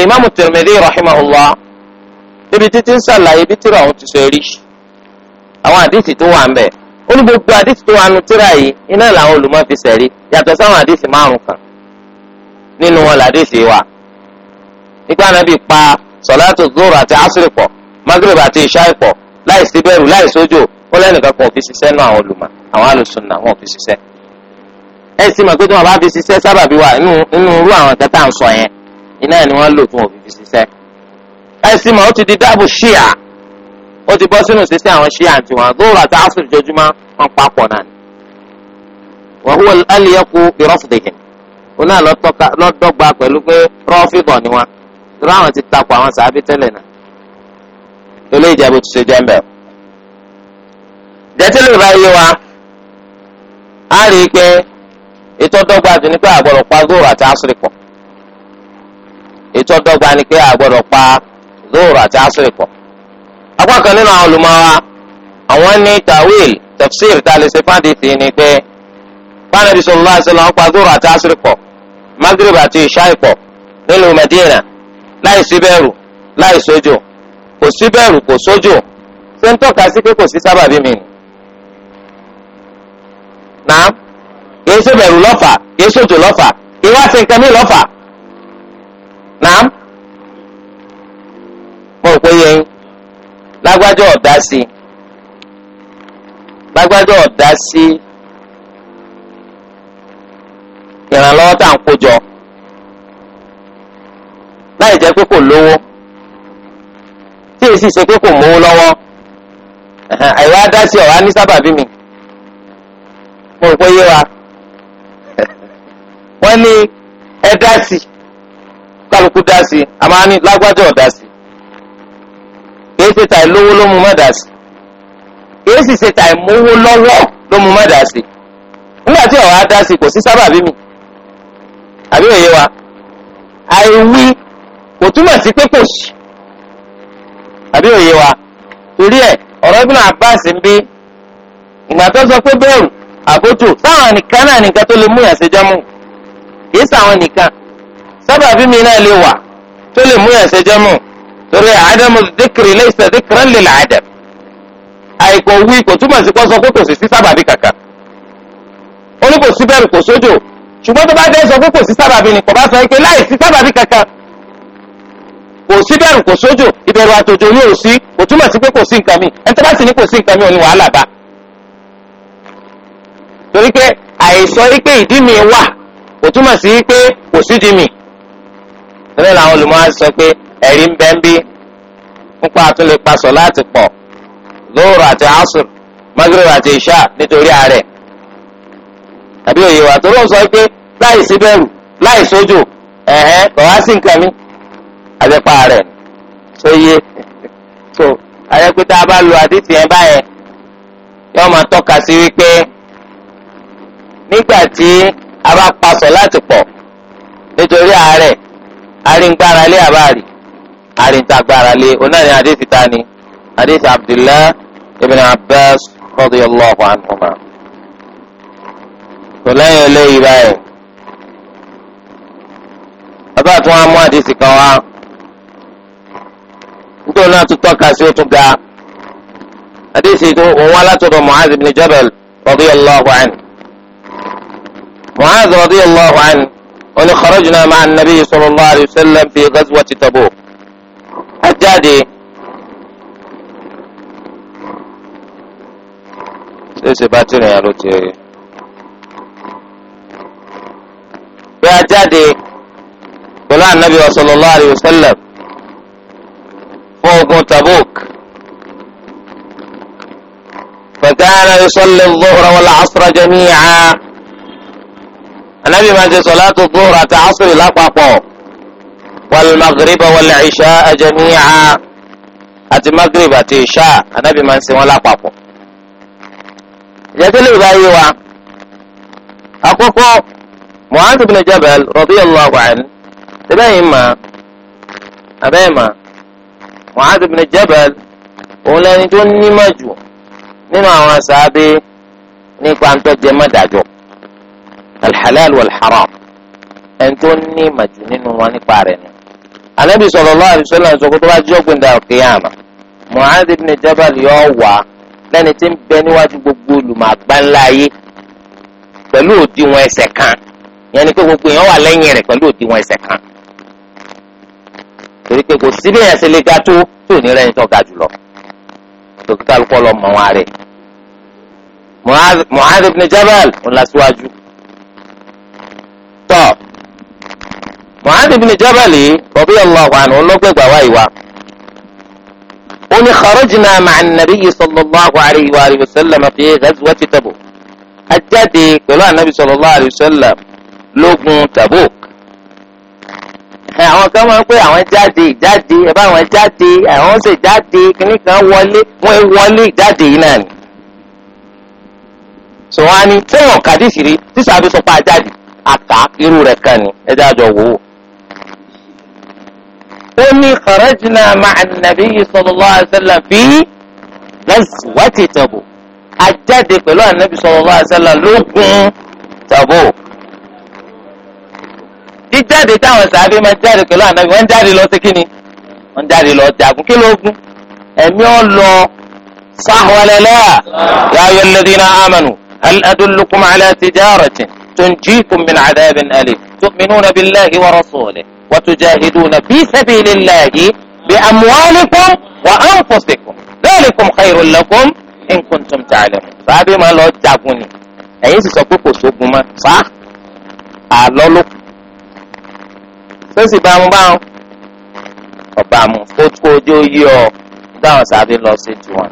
níbi títí ń ṣàlàyé bí tíra òun ti sọ rí àwọn àdìsí tó wà ń bẹ̀ ó ní gbogbo àdìsí tó wà nu tíra yìí iná làwọn olùmọ̀ fi sẹ̀rí yàtọ̀ sáwọn àdìsí márùn kan nínú wọn làdìsí wà nígbà náà bí pa sọ̀látò zoro àti asiri pọ̀ magreb àti ìṣáì pọ̀ láì sí bẹ̀rù láì sójò ó lẹ́nìkan kan ò fi ṣiṣẹ́ náà àwọn olùmọ̀ àwọn alùsùnà wọn ò fi ṣiṣẹ́ ẹ sì mọ̀ pé tí wọn bá fi ṣiṣẹ́ sábàbí wà nínú irú àwọn kẹta à ń sọ yẹn iná ni ẹ̀sìn mọ̀ ó ti di dáàbò ṣíà ó ti bọ́ sínú sísẹ́ àwọn ṣíà àti wọn góòlù àti asùn jọjúmọ́ wọn papọ̀ náà ni. wọ́n hu ẹlẹ́yẹ̀kú ìrọ́fùdìhìn òun náà lọ́dọ́gba pẹ̀lú pé rọ́fìbọ̀ ni wọn torí àwọn ti takò àwọn sàábí tẹ́lẹ̀ náà. lólè ìjẹ́bù ti ṣe jẹ́ńbẹ̀. jẹ́tìlì bá yé wa á rí i pé ìtọ́dọ́gba ti ní pé àgbọ̀dọ̀ pa góòlù àti asùn pọ̀ ìtọ́dọ́gba ni pé àgbọ̀dọ̀ pa zuhur àti asiri pọ̀. apá kan nínú àwọn olùmọ̀wá àwọn ní tawil tafsir tá a lè ṣe fáńdì tì na pé bánabi sallallahu asịrịpọ. wasallam pa zuhur àti asiri pọ̀ àti ìṣáì pọ̀ medina láì sí bẹ̀rù láì sójò kò sí bẹ̀rù kò sójò ṣé ń tọ́ka sí pé kò sí sábàbí mi ni. náà kìí ṣe bẹ̀rù lọ́fà kìí ṣòjò lọ́fà kìí wá sí nǹkan mi lọ́fà. náà mo rò pé yẹn lágbájá ọ̀dá sí lágbájá ọ̀dá sí ìrànlọ́wọ́ tá à ń kó láì jẹ́ pé kò lówó tí èsì ṣe pé kò mówó àyè àìwá dá sí ọ̀rá ní sábàbí mi mo rò pé yé wa wọ́n ní ẹ dá sí kálukú dá sí àmọ́ ní ọ̀dá sí. yìí ṣe tàì lówó ló mú má dà sí kìí sì ṣe tàì mówó lọ́wọ́ ló mú má dà sí nígbà tí ọ̀rọ̀ á dá sí kò sí sábàbí mi àbí òye wa àìwí kò túmọ̀ sí pé kò sí àbí òye wa torí ẹ̀ ọ̀rọ̀ Ibn Abbas ń bí ìgbà tó sọ pé bẹ́ẹ̀rù àbójú sáwọn nìkan náà nìkan tó lè mú yàn ṣe jámù kìí sáwọn nìkan sábàbí mi náà lè wà tó lè mú yàn ṣe jámù torí àdàmù dìkìrì lẹ́sẹ̀ dìkìrì ńlẹ̀ àdàm àìkò wí kò túmọ̀ sí kó sọ pé kò sì sí sábàbí kankan ó ní kò sí bẹ́ẹ̀ kò sójò ṣùgbọ́n tó bá dé sọ pé kò sí sábàbí ni kò bá sọ pé láì sí sábàbí kankan kò sí bẹ́ẹ̀ kò sójò ìbẹ̀rù àtòjò ní òsí kò túmọ̀ sí pé kò sí nǹkan mi ẹni tó bá sì ní kò sí nǹkan mi ò ní wàhálà bá torí pé àìsọ pé ìdí mi wà kò túmọ̀ sí pé kò sídìí mi. ìrẹ́lẹ̀ àwọn olùmọ̀ á sọ pé ẹ̀rí ń bẹ́ ń bí nípa àtún lè láti pọ̀ lóòrò àti asùn àti isha nítorí àárẹ̀ àbí òye wa tó ló ń sọ pé láì sí bẹ̀rù láì sójò rẹ̀ tó yé tó àjẹpé bá lu àdìsí yẹn báyẹn yóò máa tọ́ka sí wípé nígbà tí pa láti pọ̀ nítorí ń arìntàgbára lé onáni adéṣì tani adéṣì abdullahi ibn abbas radiyallahu anhuma. tó lẹ́yìn eléyìí báyìí bàbá àtúnwá mú àdéṣì kan wá nítorí náà tó tọ́ka sí ó tún ga àdéṣì tó òun wá látọ̀dọ̀ mu'adh ibn jabal radiyallahu anhu. معاذ رضي الله عنه قال خرجنا مع النبي صلى الله عليه وسلم في غزوة تبوك الجادي سيسي باتوني يا يا جادي قال النبي صلى الله عليه وسلم فوق تبوك فكان يصلي الظهر والعصر جميعا النبي ما صلاة الظهر تعصر لا فوق والمغرب والعشاء جميعا àti magreb àti isha anabi máa ń ṣe wọn lápapọ̀. lè báyé wa àkọ́kọ́ mu'adh bin jabal radiyallahu anhu sẹ́bẹ̀yìn mà abẹ́yìn mà mu'adh bin jabal òun lẹ́ni tó ní jù nínú àwọn sàábé nípa ntọ́jẹ́ mọ́dájọ́ alḥalal wàlḥaram ẹni tó nímọ̀ jù nínú wọn nípa rẹ̀ ni. anabi sallallahu alaihi wasallam sọ pé tó bá jẹ́ ògbìn dàrú kìyàmà Mu'adh ibn Jabal yóò wà lẹ́ni tí ń bẹ níwájú gbogbo olùmọ̀gbánláyé pẹ̀lú òdiwọ̀n ẹsẹ̀ kan yẹn ni pé gbogbo èèyàn wà lẹ́yìn rẹ̀ pẹ̀lú òdiwọ̀n ẹsẹ̀ kan torí pé kò síbẹ̀ yẹn ṣe lè ga tó tí ní rẹ́ni tó ga jùlọ tòkí kálukọ́ lọ mọ̀ wọn rẹ̀ Mu'adh ibn Jabal ńlá síwájú tọ́. Mu'adh ibn Jabal radiyallahu anhu ọlọ́gbẹ̀gbà wá ìwà. ó ní kharajna ma'a an-nabiy sallallahu alayhi wa sallam fi ghazwati Tabuk. a jáde pẹ̀lú ànábì sallallahu alayhi wa sallam lógun Tabuk. àwọn kan máa ń pè àwọn jáde ìjáde ẹ bá àwọn jáde àwọn sì jáde kíní kan wọlé wọn wọlé ìjáde yìí náà ni. sọ wá ní tẹ́wọ̀n kàdífìrí tíṣà bí sọ pé a jáde irú rẹ̀ kan ni ẹ jáde ọ̀wọ́ wò ó ní kharajna ma'a an-nabiy sallallahu alaihi wasallam fi ghazwati Tabuk ajáde pẹ̀lú ànábì sallallahu alaihi wasallam lógun Tabuk. jíjáde táwọn sàbí máa jáde pẹ̀lú ànábì wọ́n jáde lọ sí kínni wọ́n jáde lọ jagun kí lóògùn ẹ̀mí ọ̀ lọ sáhùn alẹ́ lẹ́yà ya ayyuhalladhina amanu hal adullukum ala tijaratin. تنجيكم من عذاب أليم تؤمنون بالله ورسوله وتجاهدون في سبيل الله بأموالكم وأنفسكم ذلكم خير لكم إن كنتم تعلمون صحابي ما لو جاكوني أي سيسوكو كسوكما صح ألولو سيسي بامو بامو ọbaamu kókó ojú oyé ọ dáhùn sábẹ lọ sí tiwọn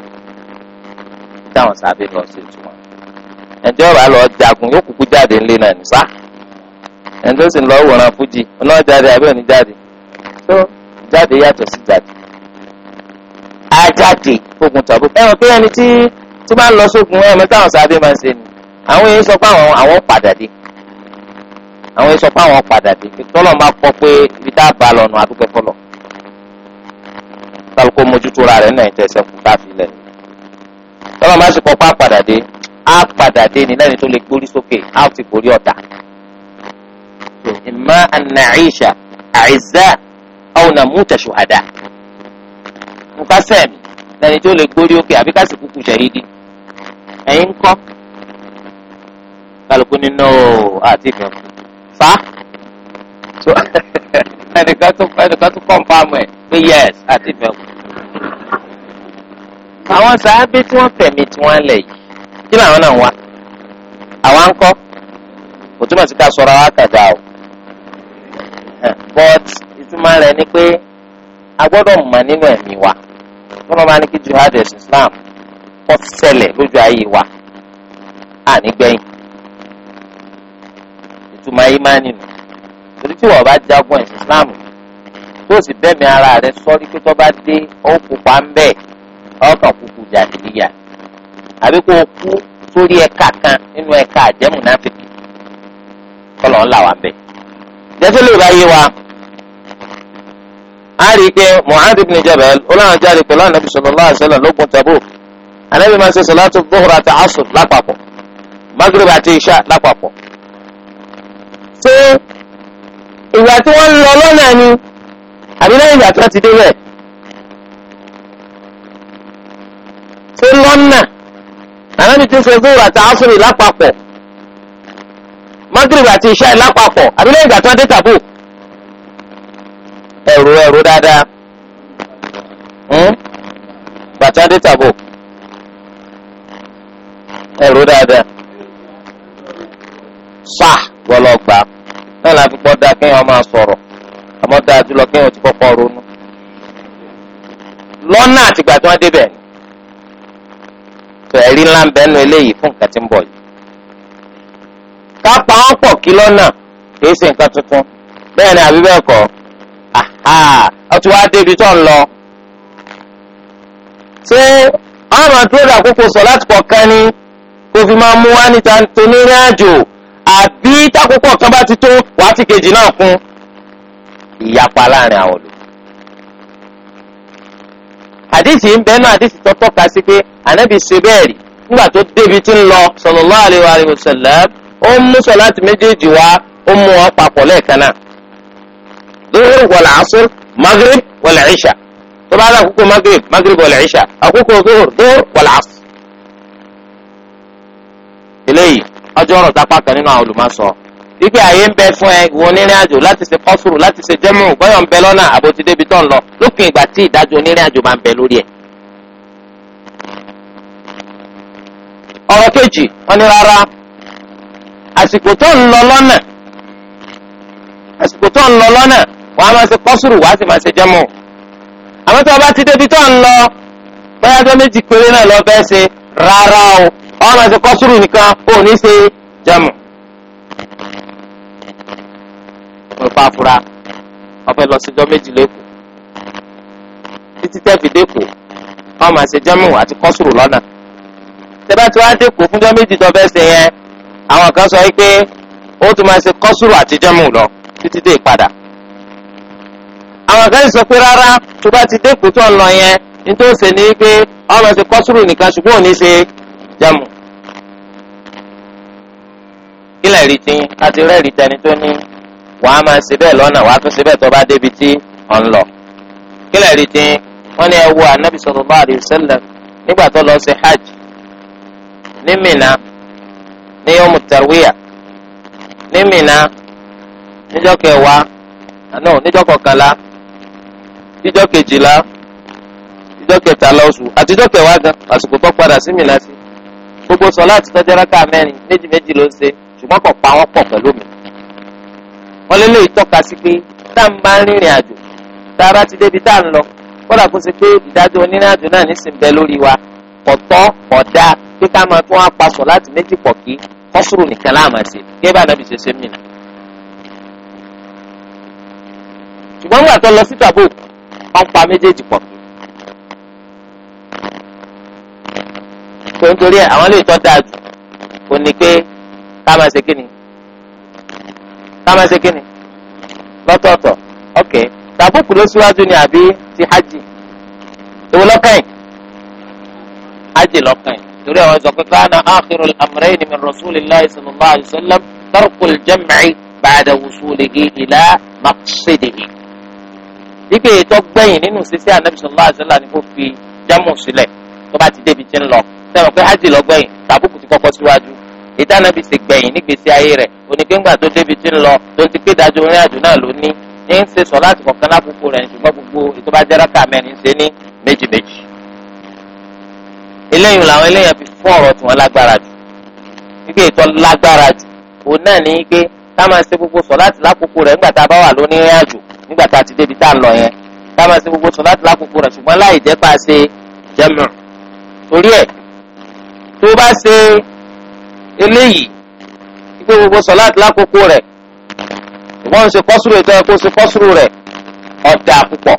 dáhùn sábẹ lọ sí tiwọn ẹ̀ńtí ọ̀rọ̀ àlọ́ jagun yóò kúkú jáde ńlẹ̀ náà ní sá ẹ̀ńtí ó sì ń lọ wòran fújì ọ̀nà jáde àbí òní jáde tó jáde yàtọ̀ sí jáde ajáde ogun tàbí ẹ̀wọ̀n pé ẹni tí tí máa ń lọ sógun ẹ̀mí táwọn sábẹ́ máa ń ṣe ni àwọn èèyàn sọ pé àwọn àwọn padà dé àwọn èèyàn sọ pé àwọn padà dé tọ́lọ̀ máa kọ́ pé ibi tá a bá lọ nù àdúgbò kọlọ̀ kálukó mójútó ra rẹ̀ náà ìtẹ̀sẹ̀ kú káfílẹ̀ tọ́lọ̀ máa sì kọ́ pé àpàdà dé á padà dé ní lẹ́ni tó lè gbórí sókè á ti borí ọ̀tá. imma an na'isha a'izza aw namuta shuhada. nǹkan sẹ́ẹ̀mì lẹ́ni tó lè gbórí òkè àbí ká sì kúkú ṣàhídì. ẹ̀yin ń kọ́ kálukú nínú àti ìfẹ́ fa ẹnìkan ẹnìkan tó kọ́ńpáàmù ẹ̀ pé yẹ́s àti ìfẹ́ àwọn sàábí tí wọ́n fẹ̀mí tí wọ́n lẹ̀ yìí kí àwọn náà wá àwa ń kọ́ kò túmọ̀ sí ká sọ̀rọ̀ o eh, but ìtumọ̀ rẹ̀ ni pé a gbọ́dọ̀ mọ̀ nínú ẹ̀mí wa wọ́n máa ní kí jihad ẹ̀sìn Islam kọ́ lójú ayé wa ànígbẹ̀yìn ìtumọ̀ ayé máa nínú torí jagun ẹ̀sìn Islam tó sì bẹ́ẹ̀ ara rẹ̀ pé tó bá dé ó kópa ń bẹ́ẹ̀ ọkàn kúkú jà àbí kó o kú sórí ẹ̀ka kan nínú ẹ̀ka àjẹmù náà fi kọlọ̀ ńlá wa bẹ̀. jẹ́sẹ̀ lè báyé wa a rí i pé Mu'adh ibn Jabal olóòwò jáde pẹ̀lú ànábì sallallahu alaihi wasallam lókun Tabuk ànábì máa ń ṣe salatu dhuhra àti asr lápapọ̀ maghrib àti isha lápapọ̀. ṣé ìgbà tí wọ́n ń lọ lọ́nà ni àbí lẹ́yìn ìgbà tí wọ́n ti dé bẹ̀ ṣé lọ́nà ànábì ti ń ṣe zuhur àti asuri lápapọ̀ magrib àti isha lápapọ̀ àbílẹ̀ ìgbà tó ń dé tàbú ẹ̀rù ẹ̀rù dáadáa hmm? bàtà dé tàbú ẹ̀rù dáadáa sá wọlọ́gba náà láti gbọ́ dáa kéèyàn máa sọ̀rọ̀ àmọ́ dáa jùlọ kéèyàn ti kọ́kọ́ ronú lọ́nà àtìgbà tí wọ́n débẹ̀ ni. tó ẹ̀rí ńlá ń bẹ eléyìí fún nǹkan tí ń bọ̀ yìí. ká pa wọ́n pọ̀ kí lọ́nà kìí ṣe tuntun bẹ́ẹ̀ ni àbí bẹ́ẹ̀ kọ́ ọtí wàá débi tó ń lọ. ṣé ọ̀ràn tó dà kókó sọ láti pọ̀ kan ni kò fi máa mú wá níta tó ní àjò àbí kan bá àdìsí ń bẹ́ẹ̀ náà àdìsí tó tọ́ka sí pé ànábì ṣe bẹ́ẹ̀ rí nígbà tó débi tí ń lọ sallallahu alaihi wa sallam ó mú lati méjèèjì wá ó mú wọn papọ̀ lẹ́ẹ̀kan náà lórí wọlé asúr magrib wọlé ìṣà tó bá dá àkókò magrib magrib wọlé ìṣà àkókò dóor wọlé asúr. eléyìí ọjọ́ ọ̀rọ̀ wípé àyè ń bẹ fún ẹ ìwọ onírìn àjò láti ṣe kọ́sùrù láti ṣe jẹ́mú bọ́yọ̀ ń bẹ lọ́nà àbòtí débi tó ń lọ lópin ìgbà tí ìdájọ́ onírìn àjò máa ń bẹ lórí ẹ̀. ọ̀rọ̀ kejì wọ́n ní rárá àsìkò tó ń lọ lọ́nà àsìkò tó ń lọ lọ́nà wàá máa ṣe kọ́sùrù wàá sì máa ṣe jẹ́mú. àmọ́ tí wọ́n bá ti débi tó ń lọ bóyá tó méjì péré náà lọ fẹ́ ṣe rárá o wọ́n máa ṣe kọ́sùrù nìkan kò ní ṣe jẹ́mú. fún ipa fura wọ́n fẹ́ lọ sí ọjọ́ méjì lẹ́kọ̀ọ́ títí tẹ́ fi dẹ́kọ̀ọ́ wọ́n máa ṣe jẹ́mú àti kọ́sùrù lọ́nà tẹ́bá tí wọ́n á dẹ́kọ̀ọ́ fún ọjọ́ méjì tó fẹ́ ṣe yẹn àwọn kan sọ wípé ó tún máa ṣe kọ́sùrù àti jẹ́mú lọ títí dé ìpadà àwọn kan sọ pé rárá tó bá ti dẹ́kọ̀ọ́ tó ń lọ yẹn nítorí ó wípé wọ́n máa ṣe kọ́sùrù nìkan ṣùgbọ́n ò ní ṣe jẹ́mú kílẹ̀ rí ti láti tẹni tó ní wàá máa ṣe bẹ́ẹ̀ lọ́nà wàá tún ṣe bẹ́ẹ̀ tó bá débi tí ń lọ. kílẹ̀ rí ti wọ́n ní ẹ wo anabi lọ sí hajj ní Mina ní yom tarwiya ní Mina níjọ́ kẹwàá àná níjọ́ kọkànlá níjọ́ kejìlá níjọ́ kẹtàlá oṣù àtijọ́ kẹwàá gan àsìkò tó gbogbo mẹ́rin méjì méjì ló ń ṣe ṣùgbọ́n wọn lélẹ̀ ìtọ́ka sí pé tá à ń bá ń rìnrìn àjò tá a bá ti débi tá à ń lọ kódà kó ṣe pé ìdájọ́ onírìnàjò náà nísìn bẹ lórí wa kọ̀tọ́ kọ̀dá pé ká máa tún wá paṣọ láti méjì pọ̀ kí kọ́sùrù nìkan láàmà sí gẹ́gẹ́ bá nàbì ṣe ṣe mí nà. ṣùgbọ́n nígbà tó lọ sí tàbó wọ́n pa méjèèjì pọ̀ kí. tó ń torí ẹ̀ àwọn lè tọ́ dáa jù kò ní pé ká máa ṣe kí ni káma ṣe kí ni lọ́tọ̀ọ̀tọ̀ ok tàbùkù ló síwájú ni àbí ti hajj èwo lọ́kàn yìí hajj lọ́kàn yìí torí àwọn ìjọ pípa náà akhiru al-amrayni min rasulillahi sallallahu alayhi wa sallam tarku al-jam'i ba'da wusulihi ila maqsidihi. wípé ètò gbẹ̀yìn nínú sísẹ́ anabi sallallahu alayhi wa sallam ni kò fi jámù sílẹ̀ tó bá ti débi tí ń lọ sẹ́wọ̀n pé hajj lọ́gbẹ̀yìn tàbùkù ti kọ́kọ́ síwájú ìtànàbí sì gbẹ̀yìn nígbèsí ayé rẹ̀ onígbẹ́ngbà tó débi tí ń lọ tó ti pé ìdájọ́ orin àjò náà ló ní ní ń ṣe sọ láti kọ̀ọ̀kan lákòókò rẹ̀ ṣùgbọ́n gbogbo ètò bá jẹ́rọ kà mẹ́rin ṣe ní méjì méjì. eléyìí làwọn eléyìí fi fún ọ̀rọ̀ tí wọ́n lágbára jù wípé ìtọ́ lágbára jù òun náà ní pé ká máa ṣe gbogbo sọ láti lákòókò rẹ̀ nígbà tá a bá wà lónírìn àjò nígbà tá a ti débi tá a lọ yẹn ká máa ṣe gbogbo sọ láti lákòókò rẹ̀ ṣùgbọ́n láì jẹ́ pa ṣe jẹ́mọ̀ torí ẹ̀ tó bá ṣe eléyìí pé gbogbo sọláàtì lákòókò rẹ̀ wọ́n ń ṣe kọ́sùrù ètò ẹ̀kọ́ ṣe kọ́sùrù rẹ̀ ọ̀dà púpọ̀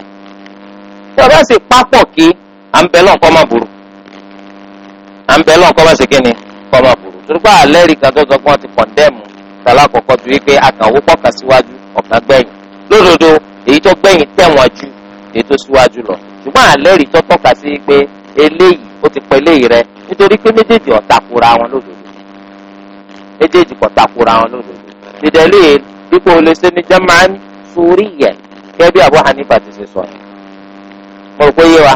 tí ọba sì pápọ̀ kí à ń bẹ lọ́nkọ́ má burú à ń bẹ lọ́nkọ́ má ṣe kí ni kọ́ má burú torí pé àlẹ́ rí kan tó sọ pé wọ́n ti kọ̀ndẹ́ẹ̀mù sọlá kọ̀ọ̀kan ju wípé akànwó pọ̀kà síwájú ọ̀kan gbẹ̀yìn lódodo èyí tó gbẹ̀yìn tẹ̀wọ̀n ju èyí tó síwájú lọ ṣùgbọ́n àlẹ́ tó tọ́ka sí pé eléyìí ó ti pọ̀ eléyìí rẹ nítorí pé méjèèjì ọ̀takùra méjèèjì kò takora wọn lódò dídẹ́lẹ́ dípò olè ṣe ní jama'an suriyyan kẹ́bí Abu Hanifa ti ṣe sọ mo rò pé yé wa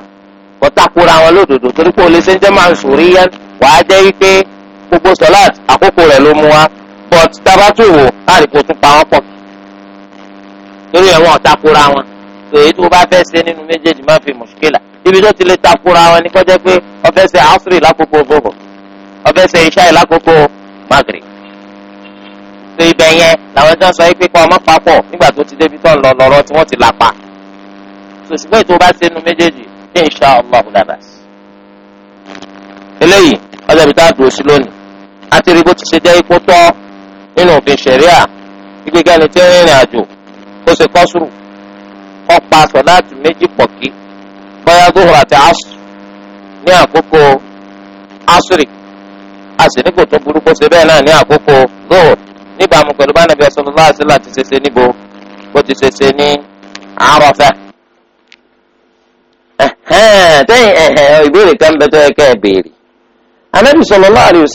kò takora wọn lódòdó torí pé olè ṣe ní jama'an suriyyan wàá jẹ́ wípé gbogbo sọ̀láàtì àkókò rẹ̀ ló mú wa but tabatu wo láti kó tún pa wọn pọ̀ torí ẹ̀ wọn wọn èyí tó bá fẹ́ ṣe nínú méjèèjì má fi mùṣkílà ibi tó ti lè takora wọn ni kọjá pé ó fẹ́ ṣe àásùrì lákòókò gbogbo ó ṣe ìṣáì lákòókò Maghrib tó ibẹ̀ yẹn làwọn ẹjọ́ sọ pé kọ́ ọmọ papọ̀ nígbà tó ti débi tó ń lọ lọ́rọ́ tí wọ́n ti là pa sòsìgbọ́n ètò bá sẹ́nu méjèèjì ṣé insha Allah dada eléyìí ọjọ́ ibi tá a dùn sí lónìí àti rí bó ti ṣe jẹ́ ipò tọ́ nínú òfin ṣẹ̀ríà gbígbé gẹ́ni tí ó rìnrìn àjò ó ṣe kọ́sùrù kọ́ pa aṣọ láti méjì pọ̀ kí bóyá zuhur àti asr ní àkókò asri a sì ní kò tún burúkú ṣe bẹ́ẹ̀ náà ní àkókò zohor níbàámu pẹ̀lú bá nàbí sallallahu alaihi wasallam ti ṣe ṣe níbo ó ti ṣe ṣe ní Àrafah. tẹ́yìn ìbéèrè kan bẹ tó yẹ ká ẹ béèrè Ànábì sallallahu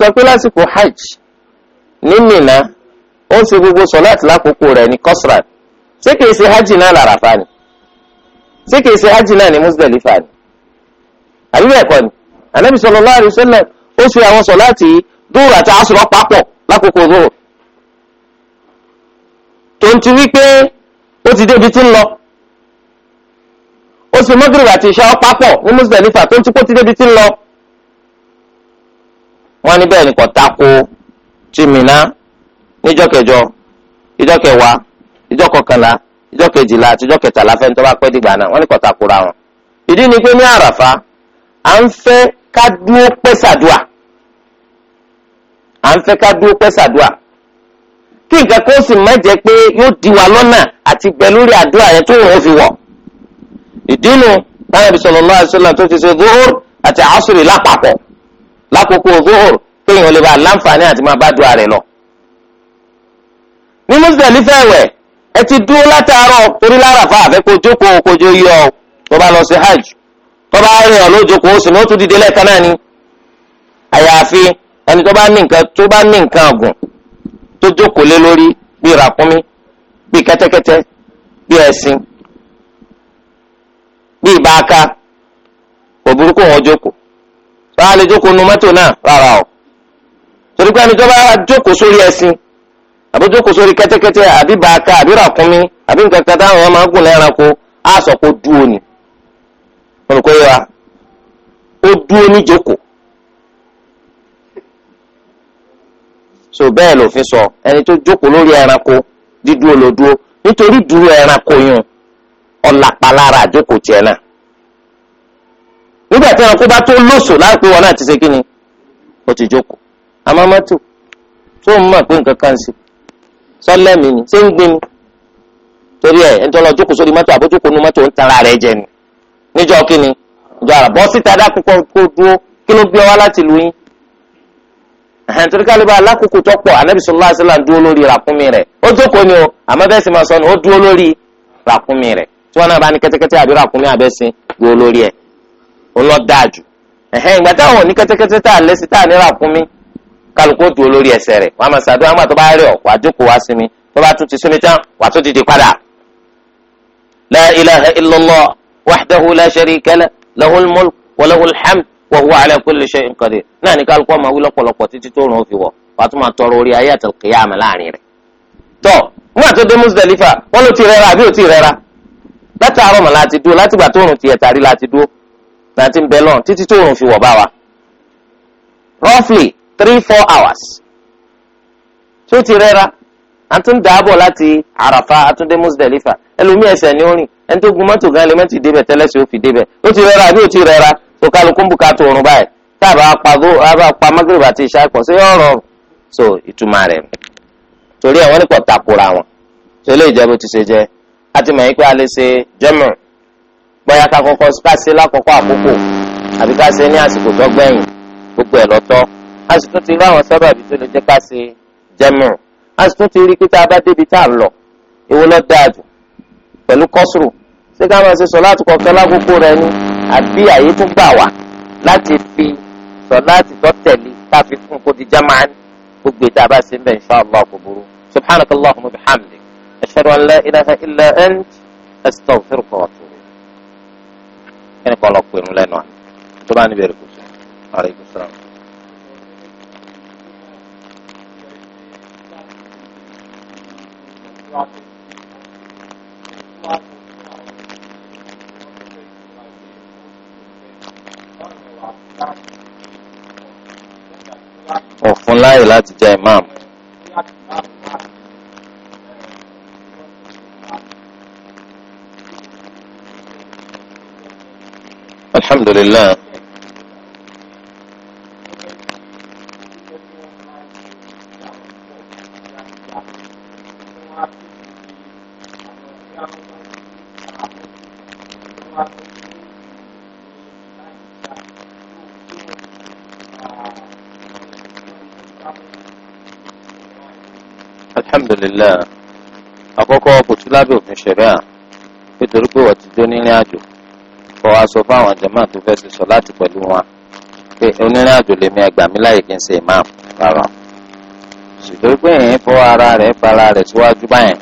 sọ pé lásìkò hajj ní Mínà ó ń ṣe gbogbo sọ̀láàtì lákòókò rẹ̀ ní kọ́sìrán ṣé kìí ṣe hajj náà l'Àrafah ni ṣé kìí ṣe hajj náà ní Muzdalifa ni àbí bẹ́ẹ̀ kọ́ ni Ànábì sallallahu alaihi ó si àwọn sọ láti dúró àti àṣùrọ̀ papọ̀ lákòókò rò tó ti wípé ó ti débi tí ń lọ ó ṣe mọ́gìrì àti ìṣàwọ́ papọ̀ ní mùsùlùmí tó ti kó ti débi tí ń lọ ni tako ti níjọ́ kẹjọ ìjọ́ kẹwàá ìjọ́ kọkànlá ìjọ́ kejìlá ni pé ní ká dúró pẹ́ sàdúà à ń fẹ́ ká dúró pẹ́ sàdúà kí nǹkan kó sì má jẹ́ pé yóò di wa lọ́nà àti bẹ lórí àdúrà yẹn tó wọ́n fi wọ̀ ìdínú báyọ̀ bí sallallahu alaihi wasallam tó ti ṣe zuhur àti asuri lápapọ̀ lákòókò zuhur kéèyàn lè bá láǹfààní àti máa bá dúà rẹ̀ lọ. ní Muzdalifa ẹ̀wẹ̀ ẹ ti dúró látàárọ̀ torí lára àfẹ́kọ̀ọ́ jókòó kojú yọ ọ tó bá lọ sí hajj tọ́ba rìn ọ̀nà òjòkó oṣù ní ó tún dìde lẹ́ẹ̀kan náà ni àyàfi ẹni tó bá ní nǹkan tó bá ní nǹkan ọ̀gùn tó jókòó lé lórí bíi ràkúnmí bíi kẹ́tẹ́kẹ́tẹ́ bíi bíi kò burúkú wọn jókòó tọ́ba o torí pé ẹni tó jókòó sórí ẹṣin àbí jókòó sórí kẹ́tẹ́kẹ́tẹ́ àbí ìbáaka àbí ràkúnmí àbí nǹkan kan táwọn olùkọ́ yẹ wa ó dúró níjókòó so bẹ́ẹ̀ lòfin sọ ẹni tó jókòó lórí ẹranko dídúró ló dúró nítorí dúró ẹranko yún ọ̀làpá lára àjókòó tiẹ̀ náà nígbà tí ẹranko bá tó lóṣù láàpẹ wọn náà ti ṣe kíni ó ti jókòó àmọ́ tó ń mọ̀ pé nǹkan kan sí sọlẹ́mì ni ṣé ń gbin ni torí ẹ̀ ẹni tó lọ jókòó sórí mọ́tò àbójókòó nu mọ́tò ń tara rẹ̀ jẹ ni níjọ́ kí ni ìjọ àrà bọ́ síta dá kó dúró kí ló gbé ọ wá láti lu yín ẹ̀hìn torí kálíbà alákòókò tó pọ̀ anábì sallallahu dúró lórí rẹ̀ ó jókòó ni o àmọ́ bẹ́ẹ̀ sì máa sọ ni ó dúró lórí ràkúnmí rẹ̀ tí wọ́n náà bá ní kẹ́tẹ́kẹ́tẹ́ àbí ràkúnmí abẹ́sìn dúró lórí ẹ̀ lọ dáa jù ìgbà táwọn ní a mi tó bá tún ti wahdahu la sharika lahu lahul mulk wa lahul hamd wa huwa ala kulli shay'in qadir náà ní kálukọ́ máa wí lọ́pọ̀lọpọ̀ títí tó rùn ó fi wọ̀ wàá tún máa tọrọ orí ayé àti kìyàmù láàrin rẹ̀. tọ́ nígbà tó dé Muzdalifa wọ́n ló ti rẹ́ra àbí ò ti rẹ́ra látàárọ̀ mọ̀ láti dúró látìgbà tó rùn ti ẹ̀ tàrí láti dúró láti ń bẹ lọ́n títí tó rùn fi wọ̀ bá wa. roughly three four hours tó ti rẹ́ra a tún dàábọ̀ láti Àràfà a tún dé Muzdalifa ẹlòmí ẹsẹ̀ ni ó rìn ẹni tó gun mọ́tò gan lè mọ́tì débẹ̀ tẹ́lẹ̀sẹ̀ ó fi débẹ̀ ó ti rẹra àbí ó ti rẹra tó kálukú ń buka tó rùn báyìí tá a bá pa gó a bá pa magreba àti ìṣá pọ̀ sí ọ̀rọ̀ so ìtumọ̀ rẹ̀ torí ẹ̀ wọ́n ní kò takora wọn tó lè jẹ́ bó ti ṣe jẹ́ a ti mọ̀ yín pé a lè ṣe jẹ́mọ̀ bóyá ká kọ́kọ́ ká ṣe lákọ̀ọ́kọ́ àkókò àbí ká ṣe ní àsìkò tó gbẹ̀yìn gbogbo ẹ̀ lọ́tọ̀ a sì tún ti rí àwọn sábàbí tó lè jẹ́ ká ṣe jẹ́mọ̀ a sì tún ti rí pé tá a bá débi tá a lọ èwo ló dáa jù pẹ̀lú kọ́sùrù ṣé ká máa ṣe sọ̀láàtì kọ̀ọ̀kan lákòókò rẹ̀ ni àbí àyè tún gbà wá láti fi sọ̀láàtì tó tẹ̀lé káfi fún kó di jámáà ní gbogbo ìta bá ṣe ń bẹ̀ insha Allah kò burú subhanakallahumma wa bihamdik ashhadu an la ilaha illa ant astaghfiruka wa atubu ilayk kí ni kọ́ lọ́ọ́ pè lẹ́nu à tó bá níbẹ̀rẹ̀ kùsùn àríkùsùn. láàyè láti jẹ́ imam. alhamdulilayi alhamdulilayi àkọ́kọ́ kò tún lábẹ́ òfin ṣẹ̀ríà nítorí pé wọ́n ti dé onírìn àjò kọ́ wa sọ fún àwọn jàmáà tó fẹ́ ṣe sọ láti pẹ̀lú wọn pé onírìn àjò lèmi ẹgbà mi láyè kí n ṣe imam rárá ṣètòrí pé èèyàn fọ ara rẹ̀ para rẹ̀ síwájú báyẹn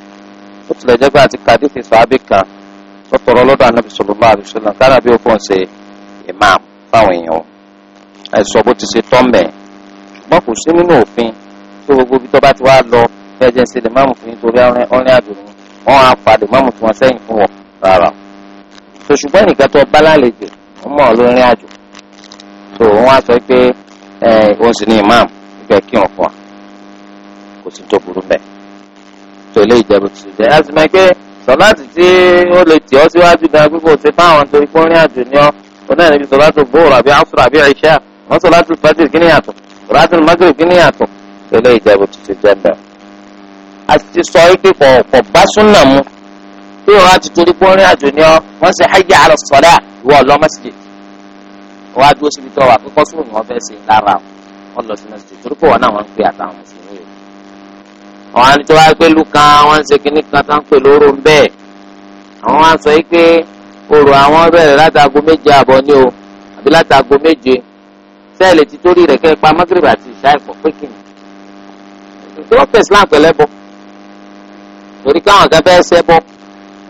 ó tilẹ̀ jẹ́ pé àti kàdífì sàábì kan tó tọrọ lọ́dọ̀ anábì sallallahu alaihi wasallam kára bí ó fọ́n ṣe imam fáwọn èèyàn ẹ̀ sọ bó ti ṣe tọ́ mẹ́ ṣùgbọ́n kò sí nínú òfin tó gbogbo bí tó bá ti wá lọ ẹjẹ ń ṣe lè máàmù fún nítorí ọrìn àjò ni wọn á padà máàmù tí wọn sẹ́yìn fún wọn rárá tó ṣùgbọ́n nìkan tó bá lálejò wọn mọ̀ lórin àjò tó wọn á sọ pé òun sì ni ìmáàmù ibẹ̀ kí wọn fún wa kò sí tó burú bẹ́ẹ̀ tó lè jẹ́ bó ti ṣe jẹ́ àti mọ̀ pé sọláàtì tí ó lè tì ọ́ síwájú gan gbogbo ṣe báwọn torí pé orin àjò ni ọ́ onáà níbi sọláàtì bóòrò àbí àṣùrà àbí ìṣá wọn sọláàtì fàjì kí ni yàtọ̀ sọláàtì maghrib kí ni yàtọ̀ tó lè jẹ́ bó ti ṣe jẹ́ bẹ́ẹ̀ àti sọ pé kọ̀ọ̀kọ̀ bá súnà mu pé wọn ti torí pé orin àjò ni ọ wọn ṣe hayya ala salat ìwọ lọ masjid wọn á dúró síbi tó wà pé kọ́sùrù ni wọn fẹ́ ṣe lára wọn lọ sí masjid torí pé wọn náà wọn ń pè àtàwọn mùsùlùmí yòókù àwọn àni tó wáá pé lukan wọn ń ṣe kínní kan tó ń pè lóró ń bẹ́ẹ̀ àwọn wá sọ yìí pé àwọn bẹ̀rẹ̀ látago méje àbọ̀ ni o àbí látago méje sẹ́ẹ̀lì ti torí rẹ̀ kẹ́ pa magrib àti ìṣá ẹ̀fọ́ pé kìnnì ìjọba pẹ̀sìlá pẹ̀lẹ́bọ̀ torí káwọn kan fẹ́ ṣẹbọ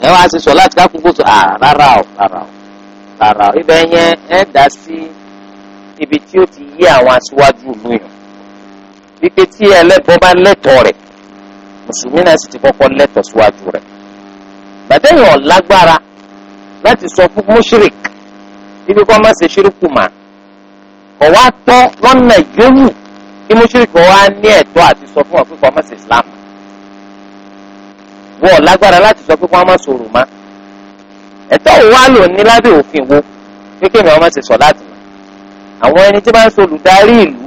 ẹ wá sí sọ láti kákòókò tó rárá o rárá o rárá o ibẹ̀ yẹn ẹ dá sí ibi tí ó ti yé àwọn aṣíwájú ìlú yẹn wípé tí ẹlẹ́bọ bá lẹ́tọ̀ọ́ rẹ̀ mùsùlùmí náà sì ti kọ́kọ́ lẹ́tọ̀ọ́ síwájú rẹ̀ gbàdéyìn ọ̀lágbára láti sọ fún mushrik ibi kọ́ má ṣe ṣírùkù mà kọ̀ wá tọ́ lọ́nà yòówù kí mushrik wá ní ẹ̀tọ́ àti sọ fún ọ̀pẹ́ kọ́ má ṣe islam wọ́n lágbára láti sọ pé kí wọ́n má sọ̀rọ̀ má ẹ̀tọ́ wa lò ní lábẹ́ òfin wo pé kí èmi ọmọ ṣe sọ láti mọ̀ àwọn ẹni tí bá ń ṣolùdarí ìlú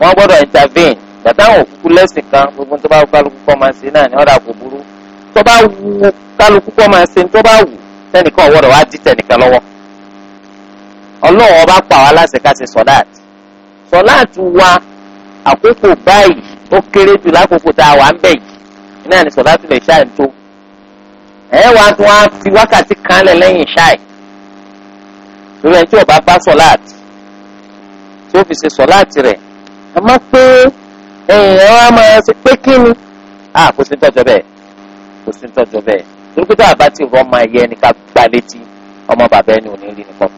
wọ́n gbọ́dọ̀ intervene gbàdáwọn òkúkú lẹ́sìn kan gbogbo tó bá wù kálukú kọ́ máa ṣe náà ní ọ̀dà kò burú tó bá wù kálukú kọ́ máa ṣe tó bá wù tẹnìkan ọ̀wọ́dọ̀ wá dí tẹnìkan lọ́wọ́ ọlọ́run ọba pa wá láṣẹ ká ṣe sọ̀láàtì sọ̀láàtì wa àkókò báyìí ó kéré jù lákòókò tá a wà ń bẹ̀ yìí náà ni sọ̀láṣí lè ṣáì tó ẹ̀ wá tí wọ́n fi wákàtí kan lẹ̀ lẹ́yìn ṣáì lórí ẹni tí ọba bá sọ̀láàtì tí ó fi ṣe sọ̀láàtì a kò sí kò sí torí pé tó àbá tí ọmọ bàbá ẹni ò ní rí nìkan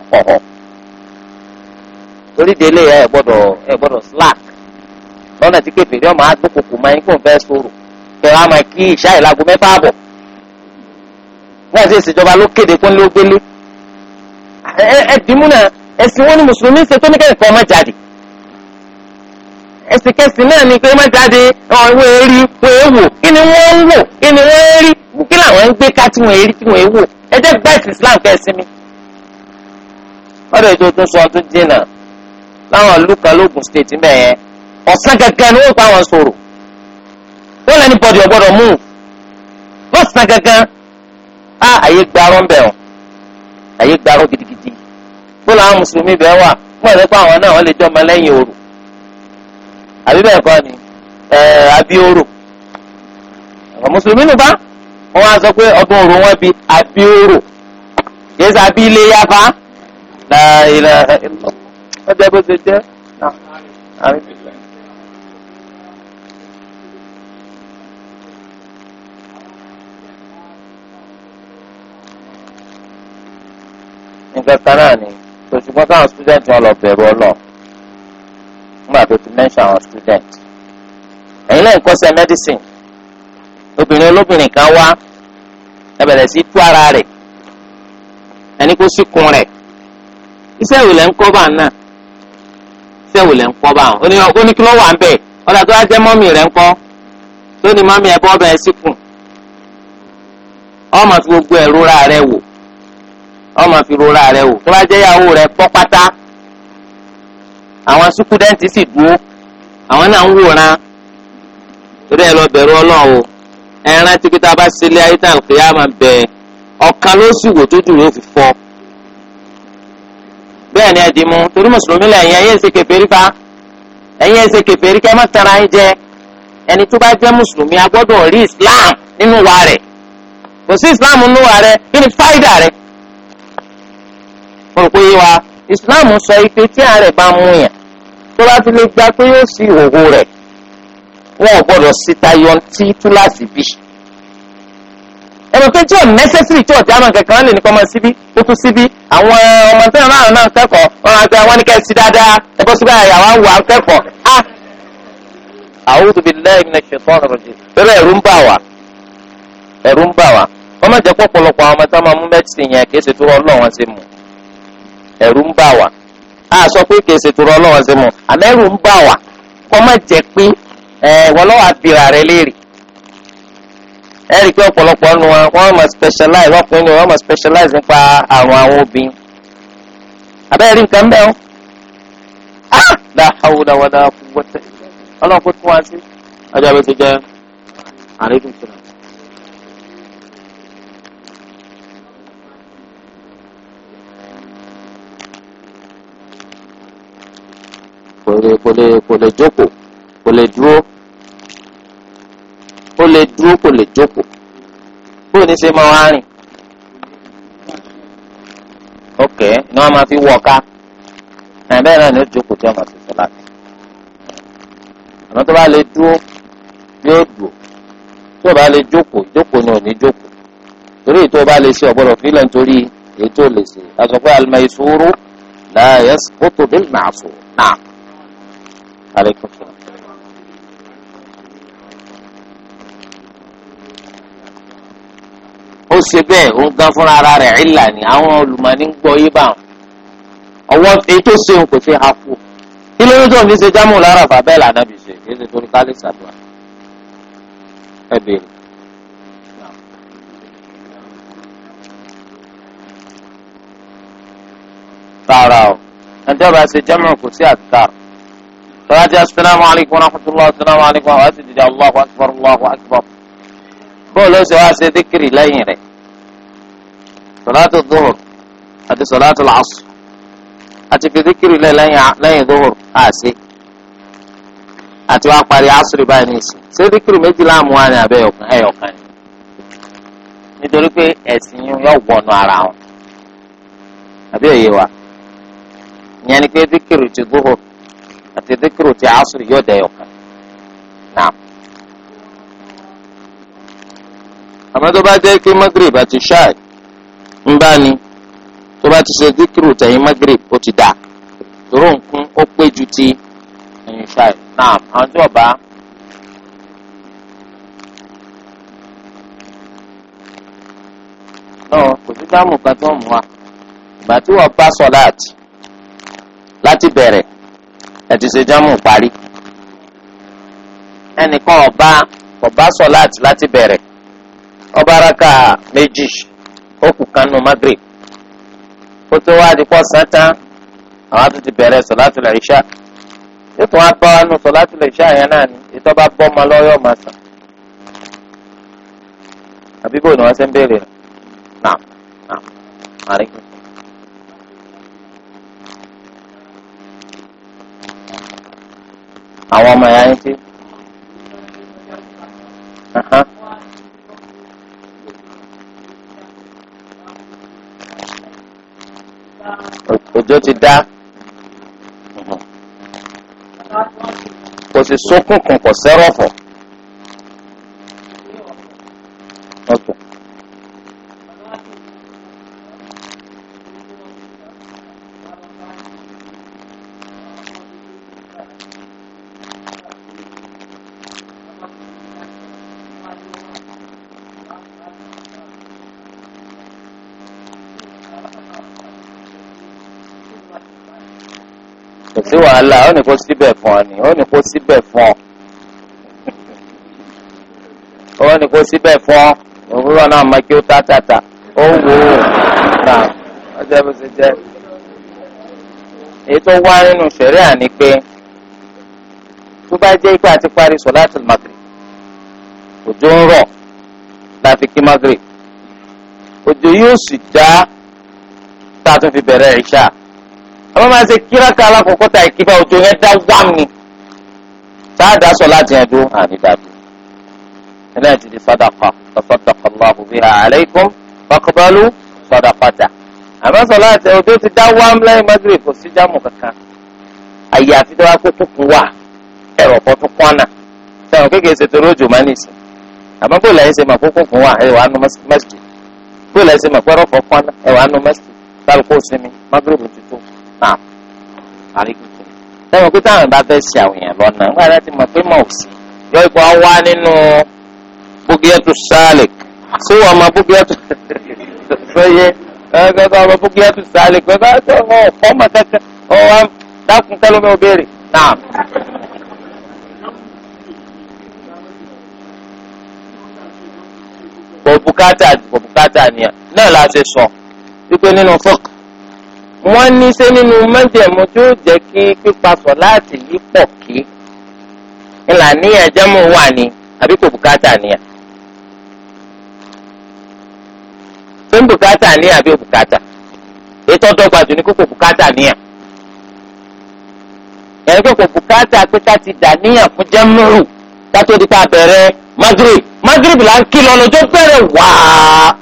torí délé ẹ ẹ slack ọmọ máa ń kó kẹwàá máa kí ìṣá ìlàgò mẹ́fà àbọ̀ wọn sì ṣèjọba ló kéde pé ló gbélé ẹ dìímú náà ẹ̀sìn wọn ni mùsùlùmí ṣe tó ní kẹ́kọ̀ọ́ má jáde ẹ̀sìn kẹsìn náà ni pé má jáde ọ̀wọ́ èrí wọ́n èé wò kí ni wọ́n ń wò kí ni wọ́n ń rí kí làwọn ń gbé ká tí wọ́n èrí tí wọ́n èé wò ẹ jẹ́ bẹ́ẹ̀sì Islam kẹ́sìn mi. ọ̀dọ̀ ètò tó sọ ọdún dínà láwọn ìlú kan lóògùn state mẹ́ẹ̀ẹ́ ọ̀sán gẹ́gẹ́ ni wọ́n pa wọ́n lẹ́ni bọ́dì ọ̀gbọ́dọ̀ mú lọ́sàn kankan á àyè gbarọ́ bẹ̀ ọ́ àyè gbarọ́ gidigidi kó làwọn mùsùlùmí bẹ́ẹ̀ wà wọ́n lè pa àwọn náà wọ́n lè jọmọ lẹ́yìn òru àbí bẹ́ẹ̀ kọ́ ni àbí òru àwọn mùsùlùmí nù bá wọ́n á sọ pé ọdún òru wọn bi àbí òru yéé sá bí ilé yá fa ọjọ́ bó ṣe jẹ́ nǹkan kan náà ni ṣùgbọ́n student wọn lọ bẹ̀rù ọlọ́ọ̀ nígbà tó ti àwọn student ẹ̀yin lẹ́yìn kọ́sẹ̀ medicine obìnrin olóbìnrin kan wá ẹ si sí ara rẹ̀ ẹni kó kun rẹ̀ iṣẹ́ ìwòlẹ̀ ń kọ́ bá ń náà iṣẹ́ ìwòlẹ̀ ń kọ́ bá ń ó ní kí ló wà ń bẹ̀ ọ̀dà tó wá jẹ́ mọ́mì rẹ̀ ń kọ́ tó ní mọ́mì ẹ̀ bọ́ ọmọ gbogbo ẹ̀rú rẹ̀ wò ọmọ fi rora rẹ o. tó bá rẹ pọ́ pátá àwọn sukudẹ́ǹtì sì dúró àwọn náà ń wòran torí ẹ lọ bẹ̀rù ọlọ́run ẹ rántí pé bá sílé ayé kí á máa bẹ ọ̀kan ló sì wò tó bẹ́ẹ̀ ni torí mùsùlùmí ẹ̀yẹ́ ṣe ká ẹ̀yẹ́ ṣe ká má tara jẹ ẹni tó bá jẹ́ islam nínú wa rẹ̀ kò sí islam nínú wa rẹ̀ kí ni mo rò pé yé wa islam sọ ife tí àárẹ̀ bá mú yàn tó bá ti lè gba pé yóò sí òwò rẹ̀ wọn ò gbọdọ̀ sí tayọ tí túláàsì bí. ẹnu pé tí ò nẹ́sẹ̀sìrì tí ọ̀tí àmọ̀ kankan lè ní kọ́ ọmọ síbí ó tún síbí àwọn ọmọ tí wọn náà ń kẹ́kọ̀ọ́ ọ̀rọ̀ àti àwọn oníkẹ́ sí dáadáa ẹ̀kọ́ síbí àyàwó àwọn akẹ́kọ̀ọ́ á. a'udhu billahi minash shaitanir rajim bẹ́ẹ̀ ẹ̀rù ń bà wá ẹ̀rù ń bà wá wọ́n má jẹ́ pọ̀pọ̀lọpọ̀ àwọn ọmọ tí wọ́n mú mẹ́tìsì ẹ̀rù ń bà a sọ pé kì í ṣe tòrọ ọlọ́wọ́ eru mba wa ń bà wá má pé àbíra rẹ léèrè ẹ rí i pé ọ̀pọ̀lọpọ̀ nu wọn specialize ọkùnrin ni wọ́n mọ̀ specialize nípa àrùn àwọn obìnrin nǹkan bẹ́ẹ̀ o ah la hawla wala quwwata ọlọ́run kó tún wá sí ti àrídùn kò lè kò lè kò lè jókòó kò lè dúró ó lè dúró kò lè jókòó bó ní ṣe máa wá rìn ok ni wọn máa fi wọ ká bẹ́ẹ̀ náà ni ó jókòó tí wọn máa fi sọ láti àmọ́ tó bá lè dúró yóò dùn tí o bá lè jókòó jókòó ni ò ní jókòó torí ètò ọba lè ṣe ọ̀gbọ́dọ̀ fílẹ̀ nítorí ètò lè ṣe àsọpẹ́ al-maysuru la yasqutu bil-ma'sur náà. عليكم السلام ó ṣe bẹ́ẹ̀ ó ń gan fúnra ara rẹ̀ ìlà ni àwọn olùmọ̀ọ́ni ń gbọ́ yí báwọn ọwọ́ èyí tó ṣe òun kò ṣe ha kú kí ló ń tó ní ṣe jámù lára fà bẹ́ẹ̀ lànà bí ṣe kí ló ń torí kálí ṣàdúrà ẹ béèrè. rárá o ẹjọ́ bá ṣe jámù kò sí àtàrà tọ́lájú asalaamu alaykum wa rahmatulah asalaamu alaykum wa rahmatulah jìjà allahu akbar allahu akbar bóòlù ó sì wá ṣe díkìrì lẹ́yìn rẹ̀ sọláàtù duhur àti sọláàtù làásù àti fi díkìrì lẹ̀ lẹ́yìn duhur àṣì àti wàá parí àṣírí báyìí nìyí ṣé díkìrì méjì láàmú wa ni abẹ́ ẹ̀yọ̀kan ni nítorí pé ẹ̀sìn yóò wọnú ara wọn àbí òye wa ìyẹn ni pé ti duhur àti díkìrù ti asùrù yóò dẹ̀ ọ̀kan. Naam. Àmọ́ tó bá jẹ́ kí Magrib àti Shai ń bá ni tó bá ti ṣe díkìrù tẹ̀yìn Magrib ó ti dà. Dúró nǹkún ó pé ju ti ẹ̀yìn e Shai. Naam, àwọn tí wọ́n bá. náà kò sí táàmù kan tó ń mú wa ìgbà tí wọ́n bá sọ láti láti bẹ̀rẹ̀ ẹ ti ṣe jámù parí ẹnìkan ọba ọba sọláàtì láti bẹ̀rẹ̀ ọba raka méjì òkú kanu magrib kó tó wá di pọ̀ sátán àwọn àti ti bẹ̀rẹ̀ sọláàtì lè ṣá yóò tún wá bá wa nù lè ṣá yẹn náà ni ètò ọba bọ́ ọmọ lọ́yọ̀ ọmọ sàn àbíbò ni wọ́n ṣe ń béèrè náà náà àríkùn. àwọn ọmọ ẹ̀yà yín sí. òjò ti dá kò sì sókùnkùn kò sẹ́rọ̀fọ̀. sí wàhálà ó ní kó síbẹ̀ fún ọ ni ó ní kó síbẹ̀ fún ọ ó ní kó síbẹ̀ fún ọ òwúrọ̀ náà mọ kí ó tá tàtà ó wò ó nà ọjọ́ bó ti jẹ́ èyí tó wá nínú ṣẹ̀rí àní pé tó bá jẹ́ ipá àti parí sọ̀láàtì magre òjò ń rọ̀ láti kí magre òjò yóò sì já tá a tún fi bẹ̀rẹ̀ ìṣá àwọn máa ṣe kíráka alákọ̀ọ́kọ́ ta ìkíbá òjò yẹn dá wá mi sáàdá sọ láti yẹn dó àní dájú ẹlẹ́yìn ti di sadaqa sadaqa Allahu biha alaykum faqbalu sadaqata àmọ́ sọ láti òjò ti dá wá mi lẹ́yìn magrib kò sí jámù kankan àyè àfi tó wá kó kúkú wà ẹ̀rọ kó tún kọ́nà sẹ́wọ̀n kékeré ṣètò rójò máa ní ìsìn àmọ́ bó lẹ́yìn ṣe máa kó kúkú wà ẹ̀wà nu mẹ́sìkì bó lẹ́yìn ṣe máa pẹ́rọ̀ fọ́ kọ́nà ẹ̀wà nu mẹ́sìkì sálùkù sinmi magrib tuntun nà àríkùtù lẹ́yìn pé táwọn bá fẹ́ ṣe àwọn èèyàn lọ́nà nígbà láti mọ̀ pé mọ̀ sí yọ ipò wá nínú bókíyàtú sálík sí wọn ọmọ bókíyàtú sọyẹ ẹgbẹ́gbẹ́ ọmọ bókíyàtú sálík gbẹ́gbẹ́ ọmọ ọmọ kankan ọwọ́ dákun tẹ́lómi òbéèrè náà. kò bùkátà kò bùkátà nìyẹn náà la ṣe sọ wípé nínú fọ́ọ̀kì wọ́n ní ṣe nínú mẹ́jẹ̀mú tí ó jẹ́ kí pípa sọ láti yí pọ̀ kí ńlá níyàn jẹ́mú wà ní àbí kò bùkátà níyàn. tó ń bùkátà níyàn àbí bùkátà ètò ọ̀dọ́gba jù ní kókò bùkátà níyàn. ẹ̀rí kókò bùkátà pé ká ti dà níyàn fún jẹ́múrù ká tó di pa bẹ̀rẹ̀ Maghrib Maghrib là ń kí lọ lọ́jọ́ bẹ̀rẹ̀ wáá.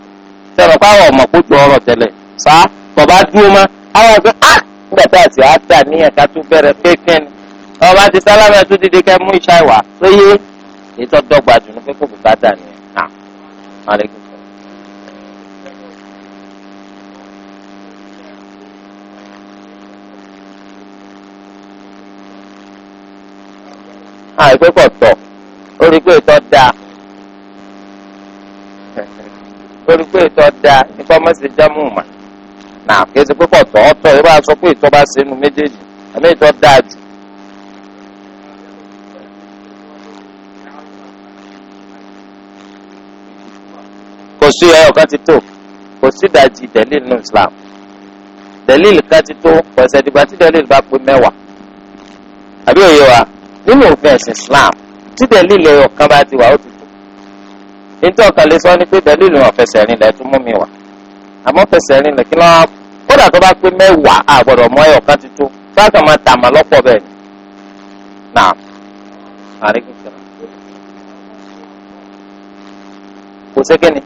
sẹ́wọ̀n káwọn ọmọ kó jọ ọ̀rọ̀ tẹ́lẹ̀ sá bàbá dúró máa àwọn ọ̀gbìn ah! á gbàtà àti àtà ní ẹ̀ka tó bẹ̀rẹ̀ pẹ́kẹ́n ọba ti sálámà tó dìde kẹ́ mú ìṣá ìwà tó yé ètò ọ̀dọ́gba dùnú pé kò bùkátà ni náà. àìpé pọ̀ tọ̀ ó rí pé ìtọ́ da ó rí pé ìtọ́ da nípa mọ́sẹ̀ jámù mà náà kí ẹsẹ̀ pé kọ̀tọ̀ ọ̀tọ̀ ẹ bá sọ pé ìtọ́ bá ṣe nu méjèèjì àmì ìtọ́ dáa jù. kò sí ẹyọ kan ti tó kò sí ìdajì dẹ̀líl nínú Islam dẹ̀líl kan ti tó pẹ̀sẹ̀ ìdìgbà tí dẹ̀líl bá pé mẹ́wàá àbí òye wa nínú òfin ẹ̀sìn Islam tí dẹ̀líl ẹyọ kan bá ti wà ó ti tó nítorí ọ̀kan lè sọ ni pé dẹ̀líl wọn fẹsẹ̀ rìn lẹ́tún mú mi wá. àmọ́ fẹsẹ̀ rìn lẹ̀ lọ́wọ́ kódà tó bá pé mẹ́wàá àgbọ̀dọ̀ mọ́ ẹ̀yọ̀ kan ti tó máa tà mà lọ́pọ̀ bẹ́ẹ̀ ni. ni.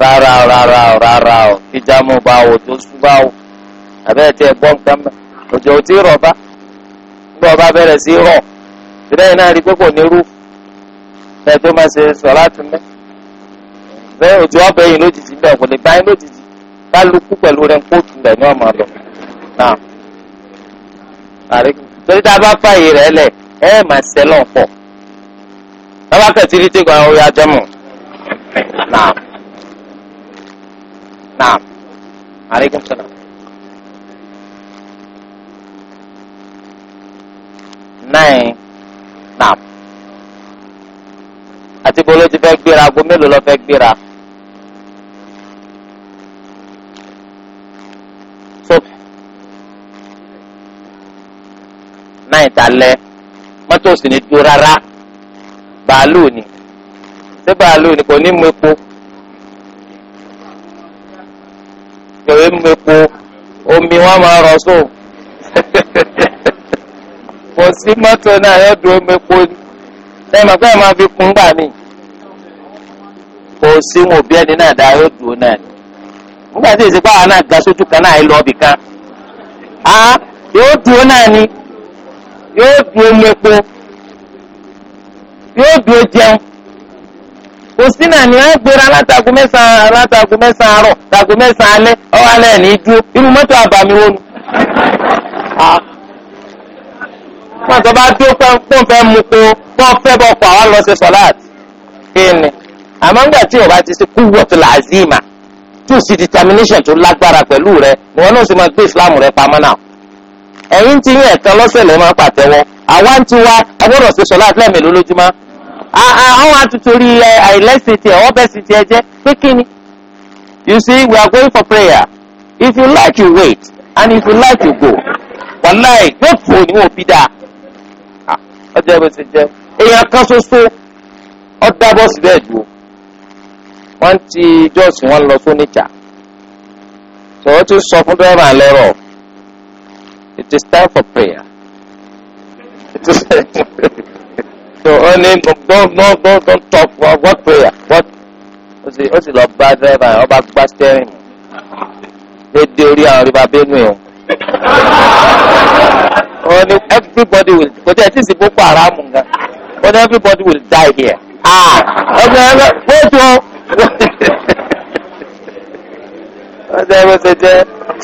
rárá o rárá o rárá o ìjà bá o tó bẹ́ẹ̀ tó máa ṣe sọ láti mẹ́ bẹ́ẹ̀ òjò ọbẹ̀ yìí lójijì bẹ́ẹ̀ kò lè bá yín lójijì kálukú pẹ̀lú rẹ̀ kóòtù rẹ̀ ní ọmọ rẹ̀ náà torí tá bá fààyè rẹ̀ lẹ̀ ẹ̀ máa ṣẹ́ lọ́n bàbá kẹ̀tì rí tìgbà ó yá náà náà aleykum salaam. nine àti bó ló ti fẹ́ gbéra aago mélòó ló fẹ́ gbéra. náà ìtàlẹ́ mọ́tò sì ní dúró rárá bàálù ni ṣé bàálù ni kò ní mú epo kò ní mú epo omi wọn máa rọ sóò kò sí mọ́tò náà yóò dúró mú epo ẹ mọ̀ pé fi kún gbà mí kò sí wọn òbí ẹni náà dá yóò dúró náà ni nígbà tí náà ga sójú kan náà lọ ibì kan yóò dúró náà ni yóò dúró lépo yóò dúró jẹun náà ni wọn gbéra án án án ní í dúró àbàmì wọn sọ bá dúró kọ́ fẹ́ bọ́ fọ àwọn lọ sí sọ́láàt kí ni àmọ́ ńgbà tí o bá ti ṣe kú wọ́tò làzima tó sì determination tó lágbára pẹ̀lú rẹ ni wọn náà sì máa gbé Islam rẹ pamọ́ náà ẹ̀yin ti yín ẹ̀kan lọ́sẹ̀ lè máa pàtẹ́wọ́ àwa ń tiwa agbọ́dọ̀ ṣe sọ́láàt lẹ́ẹ̀mẹ́lẹ́ lójúmọ́ àwọn atutori àìlẹ́sìn tiẹ̀ wọ́n bẹ́ẹ̀ sì tiẹ̀ jẹ́ pé kí ni you see we are going for prayer if you like you wait and if you like you go wàláì gbẹ́fọ̀ ni wọ́n fi dáa ah, ọjọ́ bó ti jẹ́ èèyàn kan ṣoṣo ọ dábọ̀ síbẹ̀ ju wọ́n ti jọ́ọ̀sì wọn lọ fún níjà sọ̀rọ̀ tó sọ fún dọ́rọ̀ àlẹ́rọ̀ it is time for prayer it is so ó ní don't don't don't talk for what prayer what ó sì ó sì lọ bá dẹ́rẹ́bà yẹn ọba gbá stẹ́rìn dédé orí àwọn orí bá bẹ́ẹ̀ nù ní everybody will kò tẹ́ ẹ ti sì boko haram gan. but everybody will die here. Ah, okay, wait on.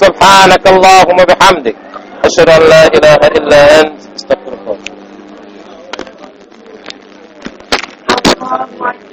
سبحانك اللهم وبحمدك أشهد أن لا إله إلا أنت أستغفرك